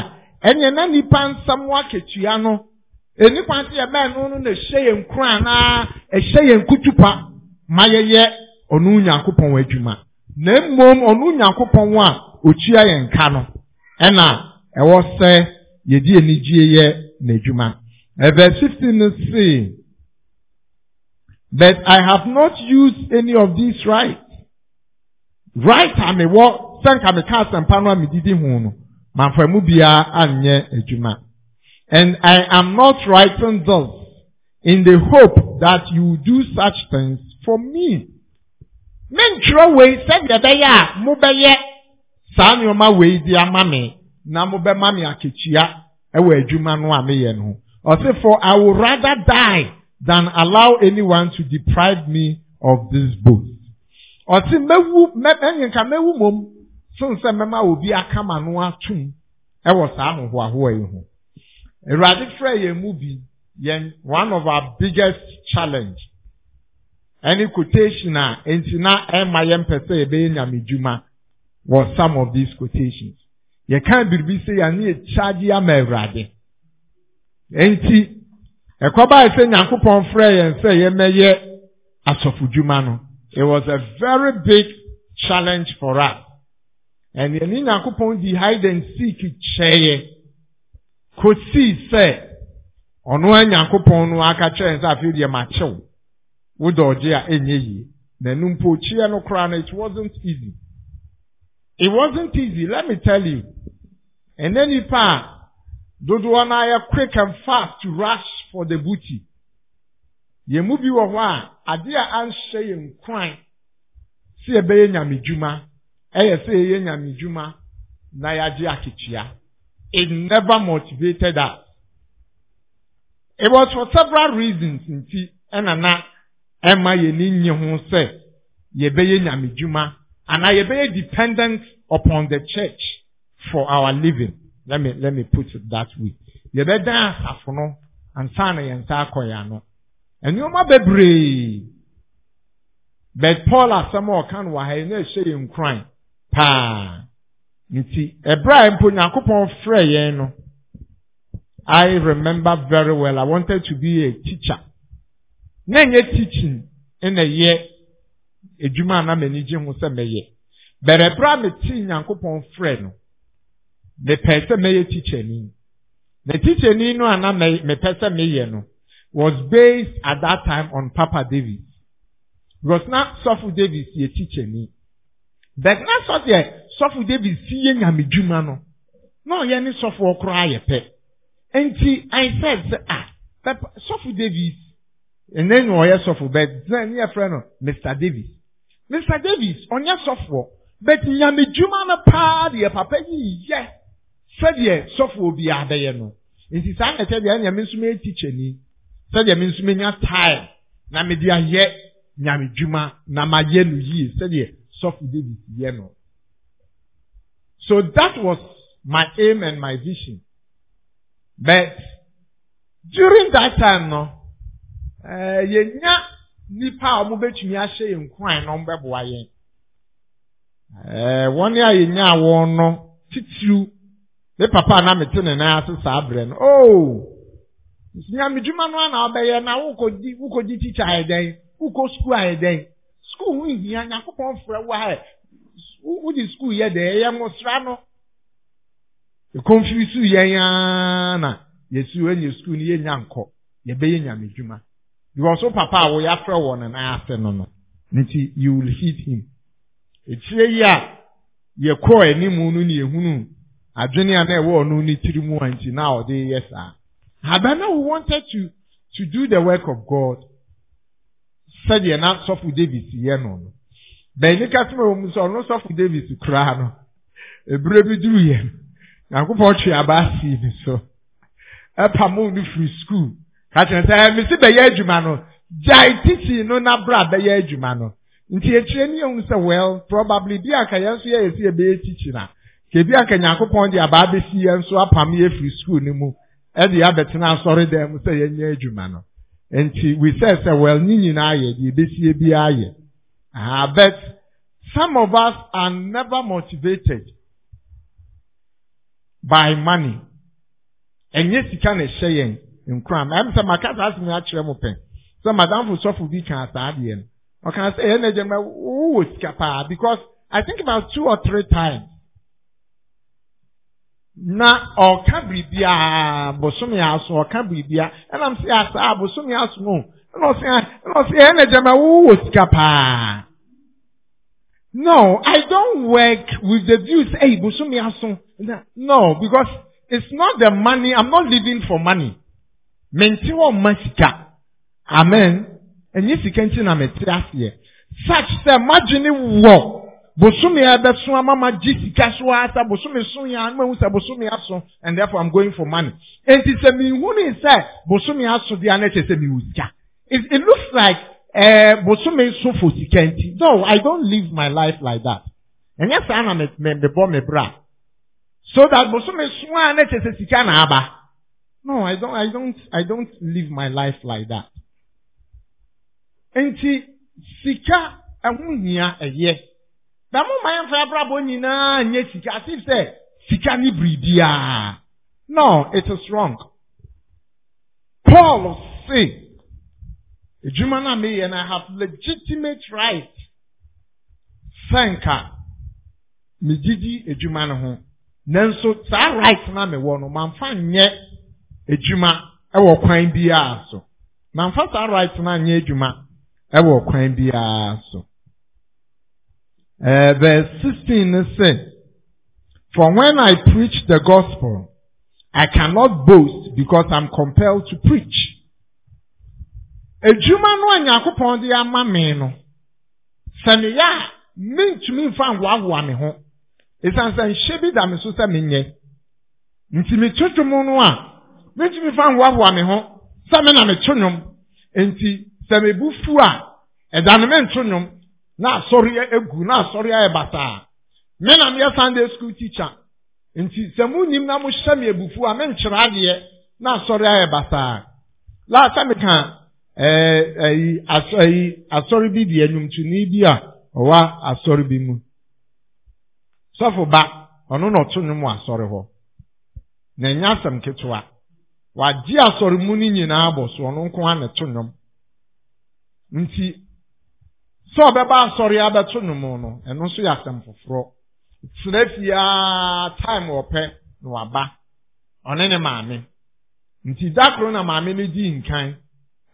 ɛnyɛ na nipa nsɛm aketua no enipa nso ya mee no na ehyia ya kuro ana ehyia ya nkutupa ma yɛyɛ yɛ nyankopɔn wɔ adwuma na mmom ɔno nyankopɔn a otua yɛn ka no ɛna ɛwɔ sɛ yedi anigye yɛ n'adwuma. Eh, verse 15 is saying, But I have not used any of these rights. right. I I'm a what? Sanka me cast and panwa me didi hunu. Manfremu biya anye ejuma. And I am not writing thus in the hope that you do such things for me. Mentwerɛ throw away. Send a mobɛyɛ saa nneɛma wei di ama me na mobɛma me akakyia ɛwɔ adwuma no a meyɛ no ho. Or say, for I would rather die than allow anyone to deprive me of this boast. Or say, mewu, menyenka mewu mom, sun sɛ mɛma obi aka ma no atum ɛwɔ saa ahohoahoa yi ho. Awurade frɛ yɛn mu bi yɛn one of our biggest challenge Any quotation a nti na ɛma yɛn pɛ sɛ yɛbɛyɛ nyamedwuma wɔ some of these quotations. Yɛka biribi sɛ yɛn ani yɛ kyaade ama awurade. enti ɛkɔbaa sɛ nyankopɔn frɛ yɛn sɛ yɛmɛyɛ asɔfodwuma no it was a very big challenge for us and yɛne nyankopɔn di hide and seek kyɛɛ kosii sɛ ɔno a nyankopɔn no aka sɛ afei deɛ makyew wo dɔɔgye a ɛnyɛ yie na ɛnu mpo kyeɛ no no it wasn't easy it wasn't easy let me tell you ɛnɛ nipa a dodoɔ no ayɛ quick and fast to rush for the booty yɛn mu bi wɔ hɔ a adeɛ a anhyɛ yɛn kwan sɛ yɛbɛyɛ nyamedwuma ɛyɛ sɛ yɛyɛ nyamedwuma na yɛagye akatua it never motivated us it was for several reasons nti ɛna na ɛma yɛn ni nye ho sɛ yɛbɛyɛ nyamedwuma anaa yɛbɛyɛ dependent upon the church for our living let me let me put it that way yɛbɛdan asafo no ansa na yɛn nsa akɔ yɛn ano nneɛma bebree but paul asɛm a ɔka no wɔ ha yi na ɛhyɛ yɛn nkuran paa nti ɛbrɛ a mpo nyakopɔn frɛ yɛn no i remember very well i wanted to be a teacher na nyɛ teaching na yɛ edwuma a na m'ani gye ho sɛ mɛyɛ bɛrɛ ɛbrɛ a mete nyakopɔn frɛ no mepɛ sɛ mɛyɛ tikyɛni na tikyɛni no a na mepɛ sɛ meyɛ no was based at that time on papa david because na sɔfo david yɛ tikyɛni but na sɔ deɛ sɔfo david si yɛ nyamedwuma no na ɔyɛ ne sɔfoɔ koraa yɛ pɛ nti i said sɛ ah papa sɔfo david ɛnna ni ɔyɛ sɔfo but then ne yɛ frɛ no mr david mr david ɔnyɛ sɔfoɔ but nyamedwuma no paa deɛ papa yi yɛ. sɛdeɛ sɔfo obi bɛyɛ no nti saa na ɛkyɛ deɛ ɛna me nso mɛ tikyɛ ni sɛdeɛ me nso mɛ nya na mɛ de ayɛ nyame dwuma na ma yɛ no yie sɛdeɛ sɔfo david yɛ no so that was my aim and my vision but during that time no ɛɛ eh, yɛn nya nipa a wɔn bɛtumi ahyɛ yɛn kwan na wɔn bɛboa yɛn ɛɛ eh, wɔn a nya wɔn no ne papa a na mete ne nan ase saa abirɛ no oo oh! nyamedwuma no a na ɔbɛyɛ na wokɔdi di tikya ayɛ dɛn wokɔ sukuu ayɛ dɛn sukuu ho hia nyakopɔn frɛ wo ayɛ wodi sukuu yɛ dɛ ɛyɛ nwosra no ekonfisu yɛn aa na yesu enye sukuu no yɛnya nkɔ yɛbɛyɛ nyamedwuma because papa a woyɛ afrɛ wɔ ne nan ase no no nti you will hit him ekyire yi a yɛkɔɔ anim no na yɛhunu. adwene a na ɛwɔ ɔno ne tiri mu nti na ɔde yɛ saa haban na we wanted to to do the work of God sɛdeɛ na sɔfo david yɛ no no bɛyini kasima wɔ mu sɛ ɔno sɔfo david koraa no ebire bi duru yɛ no nyankopɔn twe abaa sii ne so ɛpamoo no firi sukuu kakyina sɛ ɛmisi bɛyɛ adwuma no gyae titi no n'abra bɛyɛ adwuma no nti ekyire ni ehun sɛ well probably bi a ka yɛn nso yɛ esi ebɛyɛ titi na kedu aka nyankopɔn de abaa besi yɛn nso apam yɛ firi sukuu no mu ɛde abɛtena asɔre dan mu sɛ yɛnyɛ adwuma no nti we sɛ sɛ well ne nyinaa yɛ deɛ ebesie biara yɛ ah but some of us are never motivated by money ɛnyɛ sika na ɛhyɛ yɛn nkura mu ɛmu sɛ maka saa asem akyerɛ mu pɛn sɛ madamfo sɔfo bi kan saa adeɛ no ɔkan sɛ ɛyɛ na gye mɛ wowɔ sika paa because i think about two or three times na ɔka biribia bosome aso ɔka biribia ɛnam sɛ asa bosome aso no ɛna ɔsɛ ɛna ɔsɛ ɛna gyama wowɔ sika paa no i don't work with the views ɛyi bosome aso no because it's not the money i'm not living for money mente wɔ mma sika amen ɛnyɛ sika nti na mete aseɛ such sɛ madwene wɔ bosome a bɛso gye sika so a sɛ so yɛ anum ehu sɛ aso and therefore i'm going for money eti sɛ mihuni sɛ bosome aso deɛ ana kyerɛ sɛ miwu sika it it looks like ɛɛ eh, bosome so for sika nti no i don't live my life like that ɛnyɛ saa na me me bɔ me bra so that bosome so a ana kyerɛ sɛ sika na aba no i don't i don't i don't live my life like that nti sika ɛho hia ɛyɛ. na mụ ma yɛmfa onye na nye sika asif sɛ sika ne biribiaa no it is wrong paul se edwuma na a meyɛ na i have legitimate right sɛ nka megyegyi edwuma no ho nso saa right na m'ewọ mewɔ no mamfa nyɛ edwuma ɛwɔ kwan biara so mamfa saa right na nye edwuma ɛwɔ kwan biara so Uh, verse 16 says, For when I preach the gospel, I cannot boast because I'm compelled to preach. Edwuma no a Nyankopɔn ama me no, sɛ meyɛ a mentumi mfa nhoahoa ho. Esiane sɛ nhyɛ da me so sɛ menyɛ. Nti meto dwom no a, mentumi mfa nhoahoa me ho sɛ me na meto nnwom. Nti sɛ mebu fu a, ɛda no mento na-asọrọ e egwu na-asọrọ ya ịbata e me na m ya sunday school teacher nti sɛ mu nim na mo hyɛ mi ebufu a me nkyerɛ adeɛ na asɔre ayɛ e basaa laasa mi ka ɛɛ eh, ɛyi eh, asɔ ɛyi eh, asɔre bi deɛ nnwomtoni bi a ɔwɔ asọrị bi mụ sɔfo ba ɔno na ɔto ne mu asɔre hɔ na enya asɛm ketewa wagye asọrị mụ ne na bɔ so ɔno nko ha na to nnwom nti sɛ ɔbɛba asɔre abɛto no mu no ɛno nso yɛ asɛm foforɔ tena fiaa time ɔpɛ na waba ɔne ne maame nti dakoro na maame no di nkan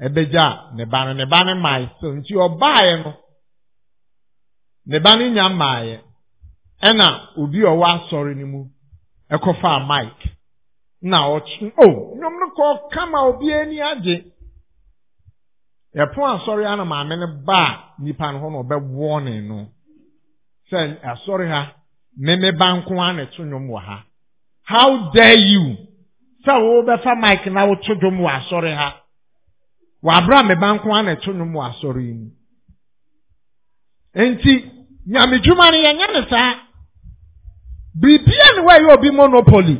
ɛbɛgya ne ba no ne ba no mmae so nti ɔbaeɛ no ne ba no nya mmaeɛ ɛna obi a ɔwɔ asɔre no mu ɛkɔfaa mike na ɔtwe o oh, nnwom no kɔɔ kama obi ani agye ɛpono asɔre ana maame no ba a nipa no hɔ na ɔbɛwɔ ne no sɛ asɔre ha meme ba nko ara na ɛto nnwom wɔ ha how dare you sɛ wɔbɛfa mic na wɔto dwom wɔ asɔre ha wɔabra me ba nko ara na ɛto nnwom wɔ asɔre yi mu nti nyamedwuma no yɛnyɛ ne saa biribia ne wɔayɛ obi monopoly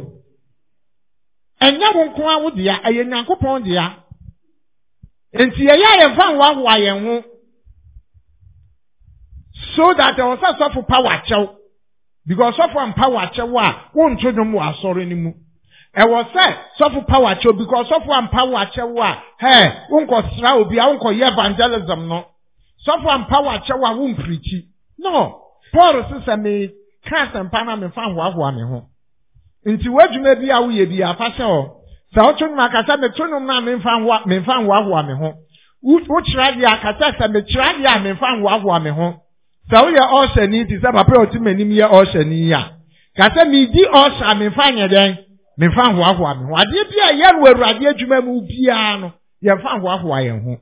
ɛnyɛ wo nko ara wo dea ɛyɛ nyankopɔn dea nti yɛyɛ a yɛmfa nwawa yɛn ho so that ɛwɔ sɛ sɔfo pa wakyɛw because sɔfo ampa wakyɛw a wonto dwom wɔ asɔre no mu ɛwɔ sɛ sɔfo pa wakyɛw because sɔfo ampa wakyɛw a hɛ wonkɔsra obi a wonkɔyɛ evangelism no sɔfo ampa wakyɛw a wompirikyi no paul sisɛ me kaa asɛmpa na mefa nhoahoa me ho nti w'adwuma bi a woyɛ bi afa hyɛ sɛ woto nom akasa meto nom no a memfa nhoahoa me ho wokyerɛ deɛ akasa sɛ mekyerɛ a memfa papa a kasa idi me ho bi a yɛ no awurade edwuma mu biara no yɛmfa nhoahoa yɛn ho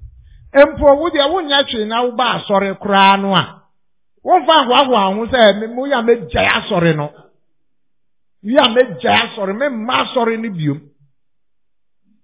mpo wo deɛ wonyɛ twee na asọrị koraa a womfa nhoahoa ho sɛ moyɛ a mɛgyae asɔre no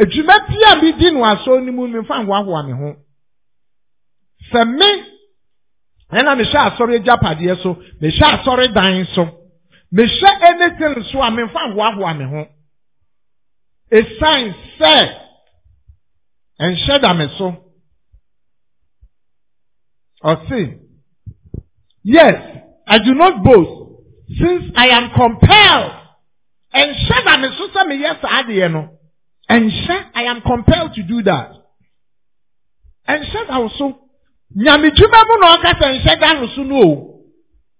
edwuma pii a mi di no aso ne mu mi nfa nhoahoa me ho sɛ me ɛna mehyɛ asɔre agyapadeɛ so mehyɛ asɔre dan so mehyɛ anything so a memfa nhoahoa me ho esan sɛ ɛnhyɛ da me so ɔse yes i do not boast since i am compelled ɛnhyɛ da me so sɛ meyɛ saa adeɛ no. And I am compelled to do that. And sure, also, nyamedwuma mu na ɔkasa nhyɛ da no so no o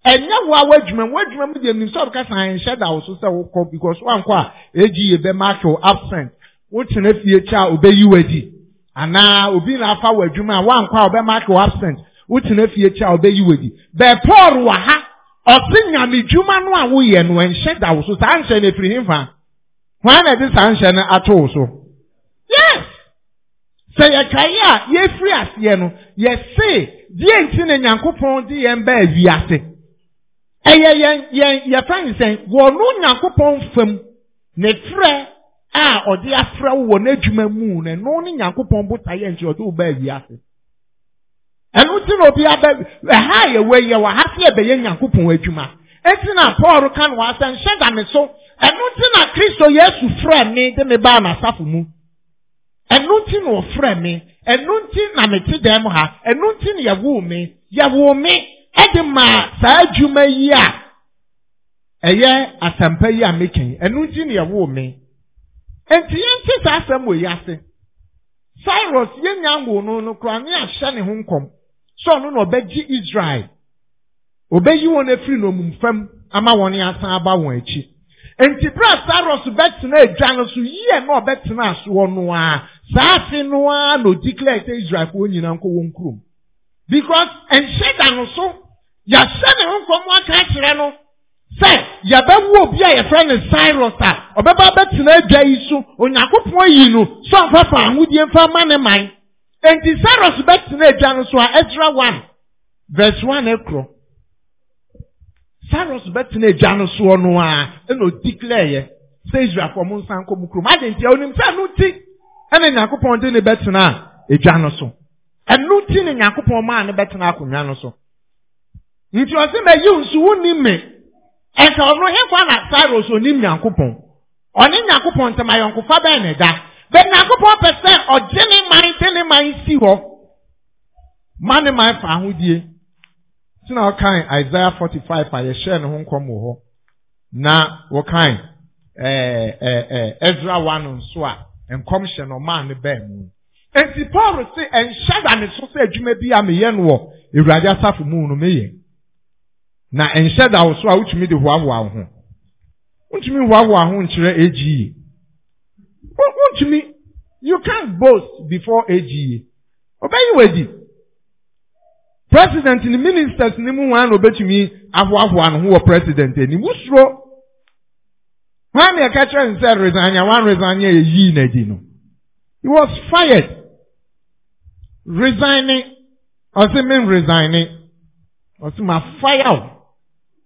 ɛnyɛ wo a wadwuma mu wadwuma mu deɛ nim sɛ ɔkasa nhyɛ da wo so sɛ wokɔ because wankɔ a eji yɛ bɛma atwo absent wotena fie kyɛ a yi wadi anaa obi na afa wɔ adwuma a wankɔ a ɔbɛma atwo absent wotena fie kyɛ a yi wadi bɛɛ paul wɔ ha ɔsi nyamedwuma no a woyɛ no ɛnhyɛ da wo so saa nhyɛ na efiri hin fa. hwan na saa nhyɛ no yes sɛ yɛkae a yɛfiri aseɛ no yɛse deɛ ntị na nyankopɔn de yɛn baa ase ɛyɛ yɛn yɛn yɛfa ne sɛn wɔno nyankopɔn fam ne frɛ a ɔde afrɛ wɔ n'adwuma mu na ɛno ne nyankopɔn bota yɛn ntị ɔde wo baa wiase ɛno ti na obi aba ɛha yɛwɔ yɛ wɔ ha esi na Paul ka na wasa nhyɛ dame so ɛno ti na Kristo Yesu frɛ mi de me baa n'asafo mu ɛno ti na ɔfrɛ mi ɛno ti na me ti dan ha ɛno ti na yɛwoo me yɛwoo me ɛde maa saa adwuma yi a ɛyɛ asampa yi a mekɛn ɛno ti na yɛwoo me nti yɛn ti saa asɛm wɔ yi ase Cyrus yɛn nyanwoo no no koraa ne ahyɛ ne ho nkɔm sɛ ɔno na ɔbɛgye Israel. obeyi wɔn afiri n'omum fam ama wɔn asan aba wɔn akyi nti bere a saros bɛtena edwa no so yie na ɔbɛtena asoɔ noa saa ase noa na odi clear sɛ israelfoɔ nyinaa nkɔ wɔn kurom because nhyɛ da no so yɛahyɛ ne ho nkɔmɔ aka akyerɛ no sɛ yɛbɛwo obi a yɛfrɛ no cyrus a ɔbɛba bɛtena adwa yi so onyankopɔn yi no sɛ ɔmfa fa ahodie mfa ma ne man enti cyrus bɛtena adwa no so a ɛkyerɛ one verse one ɛkorɔ cyrus bɛtena agya no soɔ no a ɛna odi clear sɛ israelfoɔ mo nsa nkɔ mu kurom adi nti onim sɛ ɛno ti ɛna nyankopɔn de ne bɛtena e agya no so ɛno ti ne nyankopɔn maa ne bɛtena akonnwa no nti ɔsi e na yi nsu wuni mi ɛsɛ ɔno ekwa na cyrus onim nyankopɔn ɔne nyankopɔn ntɛm ayɔnkofa bɛyɛ ne da bɛ nyankopɔn pɛ sɛ ɔgye ne man de ne man si hɔ mma ne man fa ahodie. nti na ɔkan isaiah forty five a yɛhyɛ ne ho nkɔm wɔ hɔ na wɔkan ɛɛ ɛɛ ezra one nso a nkɔm hyɛ no ɔmaa ne bɛn mu nti paul sɛ ɛnhyɛ da ne so sɛ adwuma bi a meyɛ no wɔ ewurade asafo mu no meyɛ na ɛnhyɛ da wɔ so a wotumi de hoahoa wo ho wotumi hoahoa ho nkyerɛ agye wotumi you can't boast before agye obɛyi wadi. president ni ministers ni mu wọn na obetumi ahoahoa ne ho wɔ president anim wusoro wọn na ɛka kyerɛ nsɛ resanya wọn resanya eyi n'adi no he was fired resigning ɔsi mi resigning ɔsi ma fire o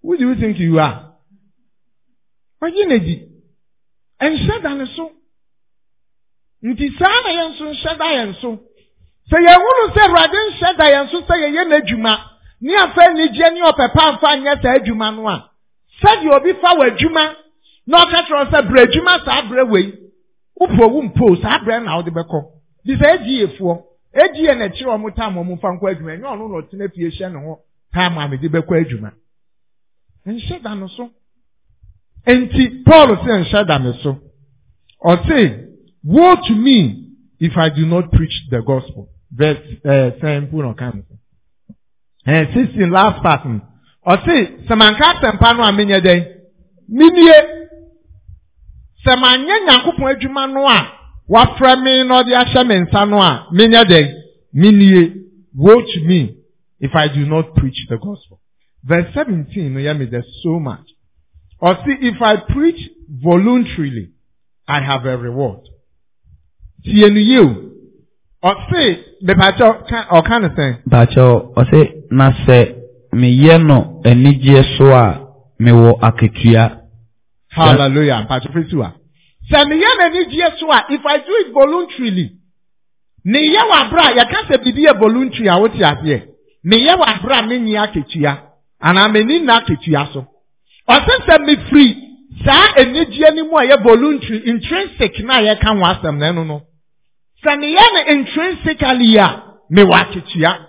who do you think you are ɔyi n'adi ɛnhyɛ da ne so nti saa na yɛn nso nhyɛ da yɛn so sɛ yɛhunu sɛ awurade nhyɛ da yɛn so sɛ yɛyɛ n'adwuma ne afa anigye ne ɔpɛpa mfa nyɛ saa adwuma no a sɛdeɛ obi fa wɔ adwuma na ɔka kyerɛ sɛ brɛ adwuma saa brɛ wei wopɔ wo mpo saa brɛ na wode bɛkɔ bi sɛ agyi yɛfoɔ agyi yɛ n'akyire ɔmo tam ɔmo mfa nkɔ adwuma ɛnyɛ ɔno na ɔtena fie hyɛ ne ho tam a mede bɛkɔ adwuma nhyɛ da no so nti paul sɛ nhyɛ da me so ɔse woe to me if I do not preach the gospel. Verse uh, eh, 10 no comes. And eh, 16, last pattern. Or see, semanka sempa no amenye den. Minie. Semanye nyankopon adwuma no a wafrɛ me na ɔde ahyɛ me me if I do not preach the gospel. Verse 17 no there's so much. Or see, if I preach voluntarily, I have a reward. tie no yiw ɔse bɛpakyɛ ɔka no sɛn.
pakyɛ ɔse na sɛ meyɛ no anigyeɛ so a mewɔ akatua.
hallelujah pakyɛ fɛ si wa. sɛ meyɛ no anigyeɛ so a if I do it voluntarily meyɛ wɔ abera yɛka sɛ biribi yɛ voluntary a wote aseɛ meyɛ wɔ me menyi akatua anaa m'ani nna akatua so ɔse sɛ mefiri saa anigyeɛ no mu a yɛ voluntary intrinsic na yɛka ho asɛm na ɛno no. sɛ meyɛ no intrinsically a mewɔ akatua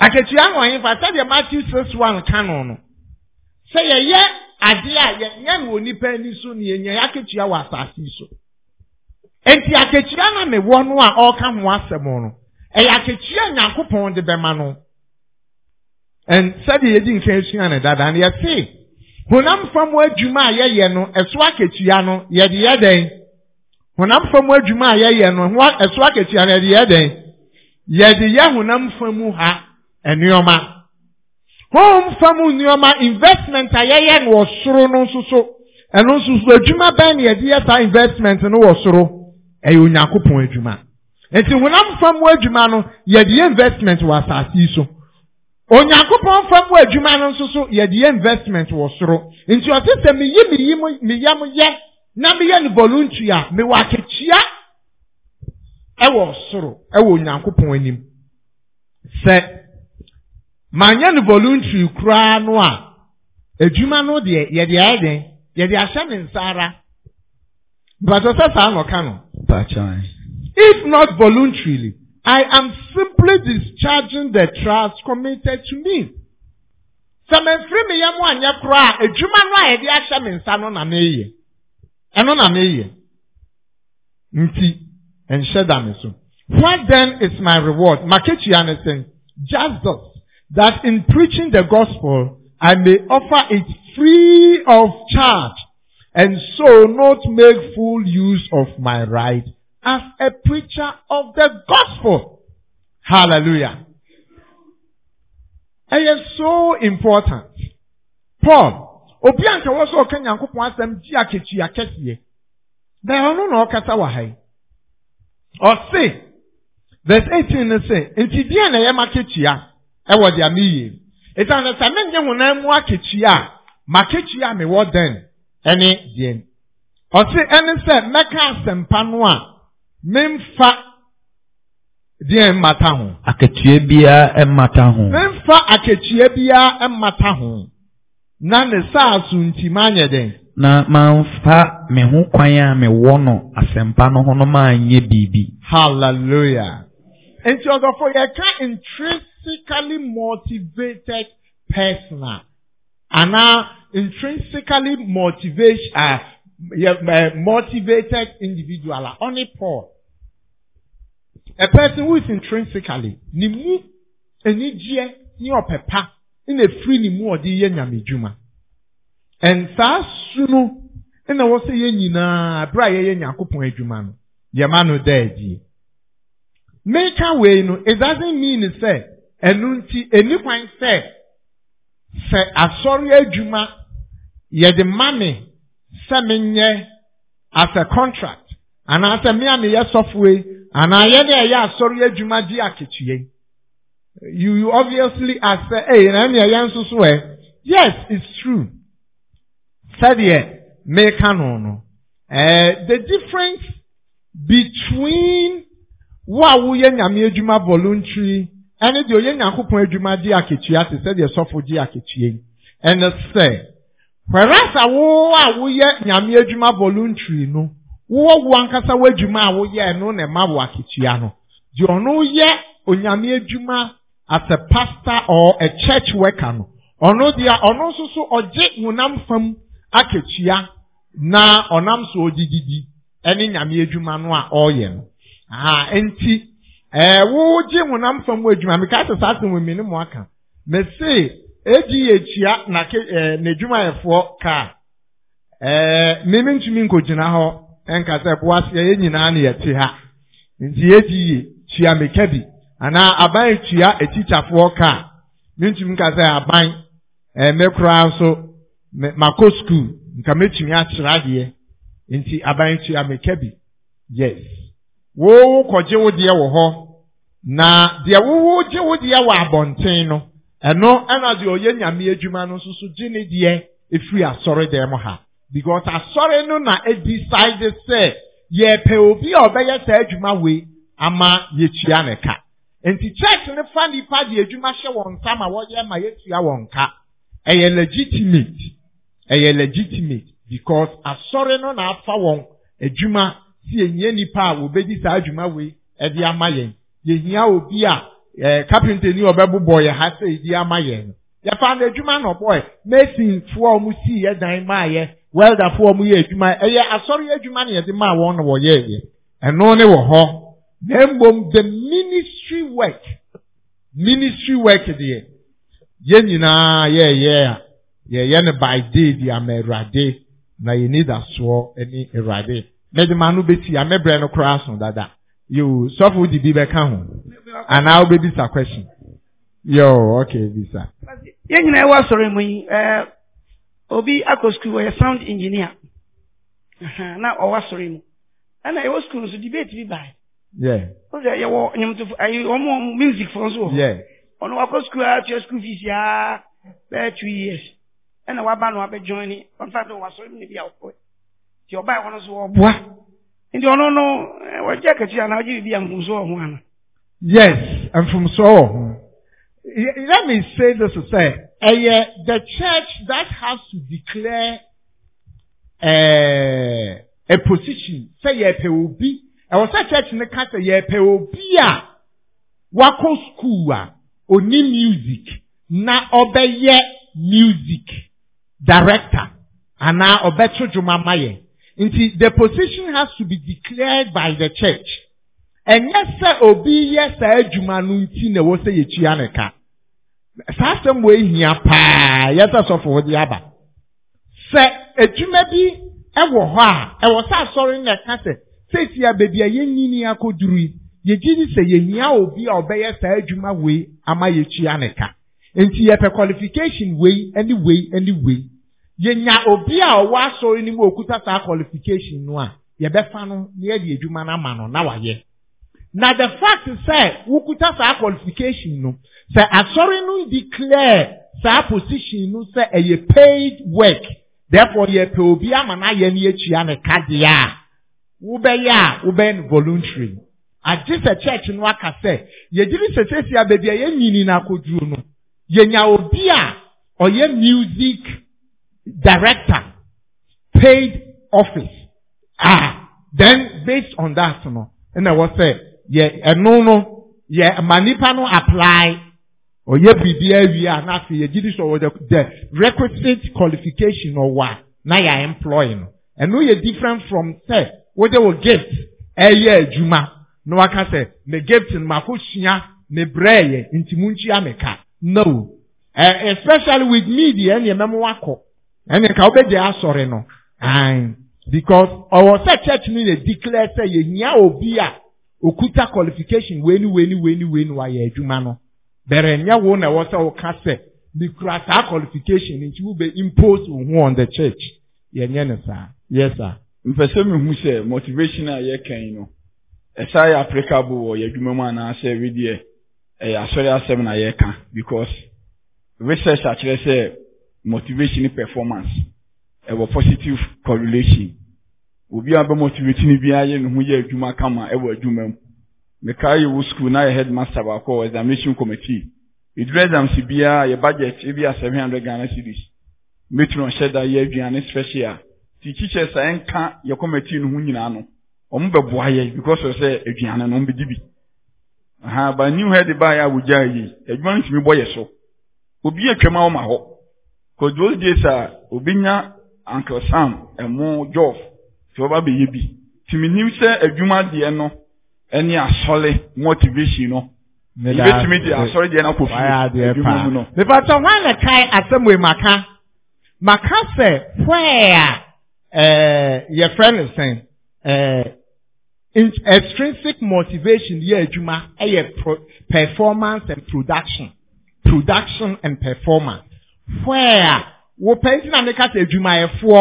akatua na ɔhefa sɛdeɛ matthew six one ka no no sɛ yɛyɛ adeɛ a yɛnyɛ no wɔ nipa ani so na yɛnya akatua wɔ asase yi so enti akatua na mewɔ no a ɔreka ho asɛm no ɛyɛ akatua nyankopɔn de bɛma no ɛn sɛdeɛ yɛdi nka esua ne dada no yɛse honam fam adwuma a yɛyɛ no ɛso akatua no yɛde yɛ dɛn honam fam adwuma a yɛyɛ no ho ɛso akɛseɛ no yɛde yɛ dɛn yɛde yɛ honam fam ha nneɛma home fam nneɛma investment a yɛyɛ no wɔ soro no nso so ɛno nso so adwuma bɛn na yɛde yɛ saa investment no wɔ soro ɛyɛ onyankopɔn adwuma nti honam fam adwuma no yɛde yɛ investment wɔ asase yi so onyankopɔn fam adwuma no nso so yɛde yɛ investment wɔ soro nti ɔte sɛ meyi meyi meyam yɛ na meyɛ no voluntary a mewɔ akyekyea ɛwɔ soro ɛwɔ onyankopɔn anim sɛ manyɛ no voluntary koraa no a adwuma no deɛ yɛde ayɛ den yɛde ahyɛ ne nsa ara mpatɔ sɛ saa na ɔka no if not voluntarily i am simply discharging the trust committed to me sɛ memfiri meyɛ mu anyɛ koraa adwuma no a yɛde ahyɛ me nsa no na meyɛ ɛno na meyɛ nti nhyɛ da me so what then is my reward maketua ne just thus that in preaching the gospel i may offer it free of charge and so not make full use of my right as a preacher of the gospel hallelujah it is so important paul obi a nka wɔ sɛ ɔka asem ji gye akatua kɛseɛ na ɔno na ɔkasa wɔ ha yi ɔse verse eighteen no sɛ nti deɛ na ɛyɛ ma akatua ɛwɔ deɛ meyie ɛsan no sɛ menyɛ honam mu akatua a ma akatua a mewɔ dɛn ɛne deɛ ɔse ɛne sɛ mɛka asɛmpa no a memfa deɛ mmata ho
akatua biara mmata ho
memfa akatua biara mmata ho na ne saasu nti maa nyɛ den.
na mamfa me ho kwan a mewɔ no asɛmpa no ho no maanyɛ biribi.
hallelujah. nti ɔdɔfo yɛka intrinsically motivated person a intrinsically motivation a yɛ motivated individual a ɔne paul. a person who is intrinsically ni mu anigyeɛ ne ɔpɛpa na efiri ne mu ɔde yɛ nyame dwuma nsaa su no na wɔsɛ yɛ nyinaa abere a yɛyɛ nyakopɔn adwuma no yɛma no da adie meka wei no it doesn't mean sɛ ɛno nti ɛni kwan sɛ sɛ asɔre adwuma yɛde ma me sɛ menyɛ as a contract anaasɛ me a meyɛ sɔfoe anaa yɛde ɛyɛ asɔre adwuma di aketua yi you, you obviously ask say, hey, na nne ya nso so eh Yes, it's true. Sɛdeɛ meka no no. Eh, the difference between wo a woyɛ nyame adwuma voluntary ɛne deɛ oyɛ nyankopɔn adwuma di akatua te sɛdeɛ sɔfo di akatua yi ɛne sɛ whereas a wo a woyɛ nyame adwuma voluntary no wowɔ wo ankasa w'adwuma a woyɛ no na ɛma wo akatua no deɛ ɔno yɛ onyame adwuma as a pastor or a church worker no ɔno deɛ ɔno nso so ɔgye honam fam akatua na ọnam so ogyegyidi ɛne nyame adwuma no a ɔreyɛ no aha nti ɛɛ wogye honam fam adwuma mika sɛ saa asɛm mi ne mu aka mese egi yɛ tua na ke ɛɛ ka kaa ɛɛ mmemme ntumi nkogyina hɔ ɛnkasa ɛboa seɛ yɛn nyinaa na yɛte ha nti egi yɛ tua mika ana aban etua etikyafoɔ kaa mentumi nka sɛ aban ɛmɛ koraa nso makɔ skul nka metumi akyerɛ adeɛ nti aban etua meka bi yes wɔwɔ kɔgye wo deɛ wɔ hɔ na deɛ wɔwɔ gye wo deɛ wɔ abɔnten no ɛno ɛna deɛ ɔyɛ nyame adwuma no nso so gye ne deɛ efiri asɔre dan mu ha because asɔre no na edecide sɛ yɛpɛ obi a ɔbɛyɛ saa adwuma wei ama yɛtua ne ka. nti church ne fa nipa di adwuma hyɛ wɔn nsa ma wɔyɛ ma yɛtua wɔn ka ɛyɛ legitimate ɛyɛ legitimate because asɔre no na afa wɔn adwuma si enyie nipa a wɔbɛdi saa adwuma wei ɛde ama yɛn yɛhia obi a ɛɛ kapinta ni ɔbɛbobɔ yɛ ha sɛ ɛdi ama yɛn yɛfa no adwuma na ɔbɔ yɛ mesinfoɔ a wɔn si yɛ dan maa yɛ weldafoɔ a wɔn yɛ adwuma ɛyɛ asɔre adwuma na yɛde maa wɔn na wɔyɛ yɛ ɛno ne wɔ hɔ mmom the ministry work ministry work deɛ yɛn nyinaa yɛɛyɛ a yɛyɛ no by day di ama awurade na yɛn ni dasoɔ ne awurade mɛdema no bɛsi a mɛbrɛ no koraa so dada yoo sɔfo di bi bɛka ho anaa wobɛbisa question yoo okay bisa.
yɛn nyinaa ɛwɔ asɔrɔ mu yi ɛɛ obi akɔ sukuu ɔyɛ sound engineer na ɔwɔ asɔrɔ mu ɛna ɛwɔ sukuu nso debate bi baa. Yeah. Wọ́n sẹ́ yẹ wọ ẹ̀yẹ̀mọ̀tò ayé ọmọ music fọ́n so. Yeah. Ọ̀nà wa kọ́ school àti school fees yá bẹ́ẹ̀ two years. Ẹ̀nà wa bá nù abẹ́ join ni wọ́n fà tó wà sọ́yìn níbi àwòkọ́ ẹ̀. Tí ọba ẹ̀ wọ́n sọ wọ́n bua. Nti ọ̀nà nù wọ́n jẹ́ kẹ̀tì àná ọjọ́ ibi ànfùmùsọ ọ̀hún àná. Yes,
ànfùmùsọ ọ̀hún.
Let me say this to say, ẹ̀yẹ the church
that has to declare uh, a position say sẹ́yẹ̀ pẹ̀ òbí ɛwɔ sɛ church no ka sɛ yɛpɛ obi a wakɔ skuul a oni music na ɔbɛyɛ music director anaa ɔbɛto dwuma ma yɛn nti the position has to be declared by the church ɛnyɛ sɛ obi yɛ saa adwuma no nti na ɛwɔ sɛ yɛtua ne ka saa asɛm wɔ ehia paa yɛsɛ sɔfo de aba sɛ adwuma bi ɛwɔ hɔ a ɛwɔ sɛ asɔre na ɛka sɛ seesia beebi a yɛnyi ni akɔduru yi yɛgye ni sɛ yɛhia obi a ɔbɛyɛ saa adwuma wei ama yɛtua ne ka nti yɛpɛ qualification wei ne wei ne wei yɛnya obi a ɔwɔ asɔre no mu okuta saa qualification no a yɛbɛfa no na yɛde adwuma no ama no na wayɛ na the fact sɛ wokuta saa qualification no sɛ asɔre no declare saa position no sɛ ɛyɛ e paid work therefore yɛpɛ obi ama no ayɛ no yɛtua ne ka deɛ a wobɛyɛ a wobɛyɛ no voluntary agye sɛ church no aka sɛ yɛgyiri sɛsɛsi a baabi a yɛnyini no akɔduru no yɛnya obi a ɔyɛ music director paid office ah then based on that no ɛna ɛwɔ sɛ yɛ ɛno no yɛ ma nipa no apply ɔyɛ biribi awie a n'afɛ yɛgyiri sɛ ɔwɔ the the requisite qualification ɔwɔ a na yɛ employ no ɛno yɛ different from sɛ wogye gift ɛyɛ adwuma na waka sɛ ne gift no mako sua ne brɛ yɛ nti mu ntua me ka no uh, especially with media ɛne ɛmɛ mo wakɔ ɛne nka wobɛgye asɔre no an because ɔwɔ sɛ church no yɛ declare sɛ yɛhia obi a okuta qualification weni weni weni weni wayɛ adwuma no bɛrɛ nyɛ wo na ɛwɔ sɛ woka sɛ mekura saa qualification nti wobɛ impose wo ho on the church yɛnyɛ no saa yes sir mpɛ sɛ sɛ
motivation a yɛkan no ɛsa yɛ applicable wɔ yɛadwuma mu anaasɛ wedeɛ ɛyɛ asɔre asɛm na yɛka because research akyerɛ sɛ motivation performance ɛwɔ positive correlation obi a bɛmotivate no biara yɛ ne ho yɛ adwuma kama ɛwɔ adwuma mu mekaa yɛ wɔ school na yɛ headmaster baako wɔ examination committee ɛduru exams biara yɛ budget ebi a seven hundred ghana cedis metron hyɛ da yɛ aduane special nti teachers a ɛnka yɛ committee no ho nyinaa no wɔn bɛboa yɛ because of sɛ aduane no wɔn bɛdi bi aha ba new head baa yɛ a wogya yi adwuma no tumi bɔ yɛ so obi atwam a wɔma hɔ because those days a obi nya uncle sam ɛmo jof ti wɔba bɛyɛ bi tumi nim sɛ adwuma deɛ no ɛne asɔle motivation no ebetumi de asɔre deɛ n'akɔ fie adwuma
wọn na kae asɛm wɛ maka maka sɛ hwɛɛ a yɛfrɛ no sɛn extrinsic motivation yɛ adwuma yɛ performance and production production and performance where wɔpɛ nti na meka sɛ adwumayɛfoɔ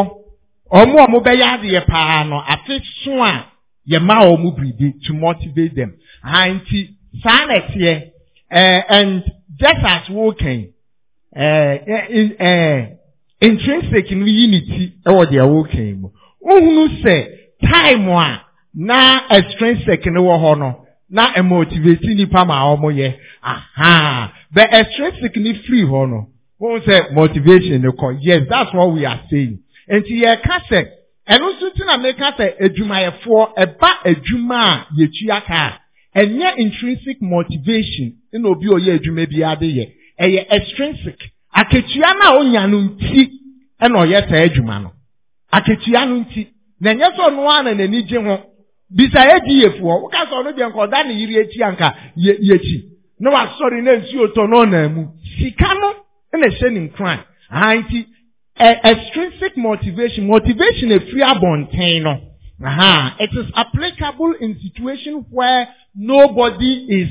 ɔmo a mobɛyɛ adeɛ paa no afe so a yɛma ɔmo biribi to motivate them nti saa na ɛteɛ e eh, and just as wɔɔkɛn intrinsic no yi ne ti wɔ deɛ wɔkan mu wohunu sɛ time a na extrinsic no wɔ hɔ no na emotivate nipa ma wɔyɛ aha but extrinsic no firi hɔ no wohun sɛ motivation no kɔ yes that's what we are saying nti yɛka sɛ ɛno nso ti na meka sɛ adwumayɛfoɔ ɛba adwuma a yɛtua ka a ɛnyɛ intrinsic motivation na obi a ɔyɛ adwuma bi ade ɛyɛ extrinsic aketua no a onya no nti na ɔyɛ saa adwuma no aketua no nti na ɛnyɛ sɛ ɔno ara na n'ani gye ho bisa edi yefuɔ woka sɛ ɔno deɛ nka ɔda ne yiri ekyi anka yekyi na wasɔre na nsuo tɔ na ɔna mu sika no na ɛhyɛ ne nkran aha nti extrinsic motivation motivation efiri abɔnten no aha it is applicable in situation where nobody is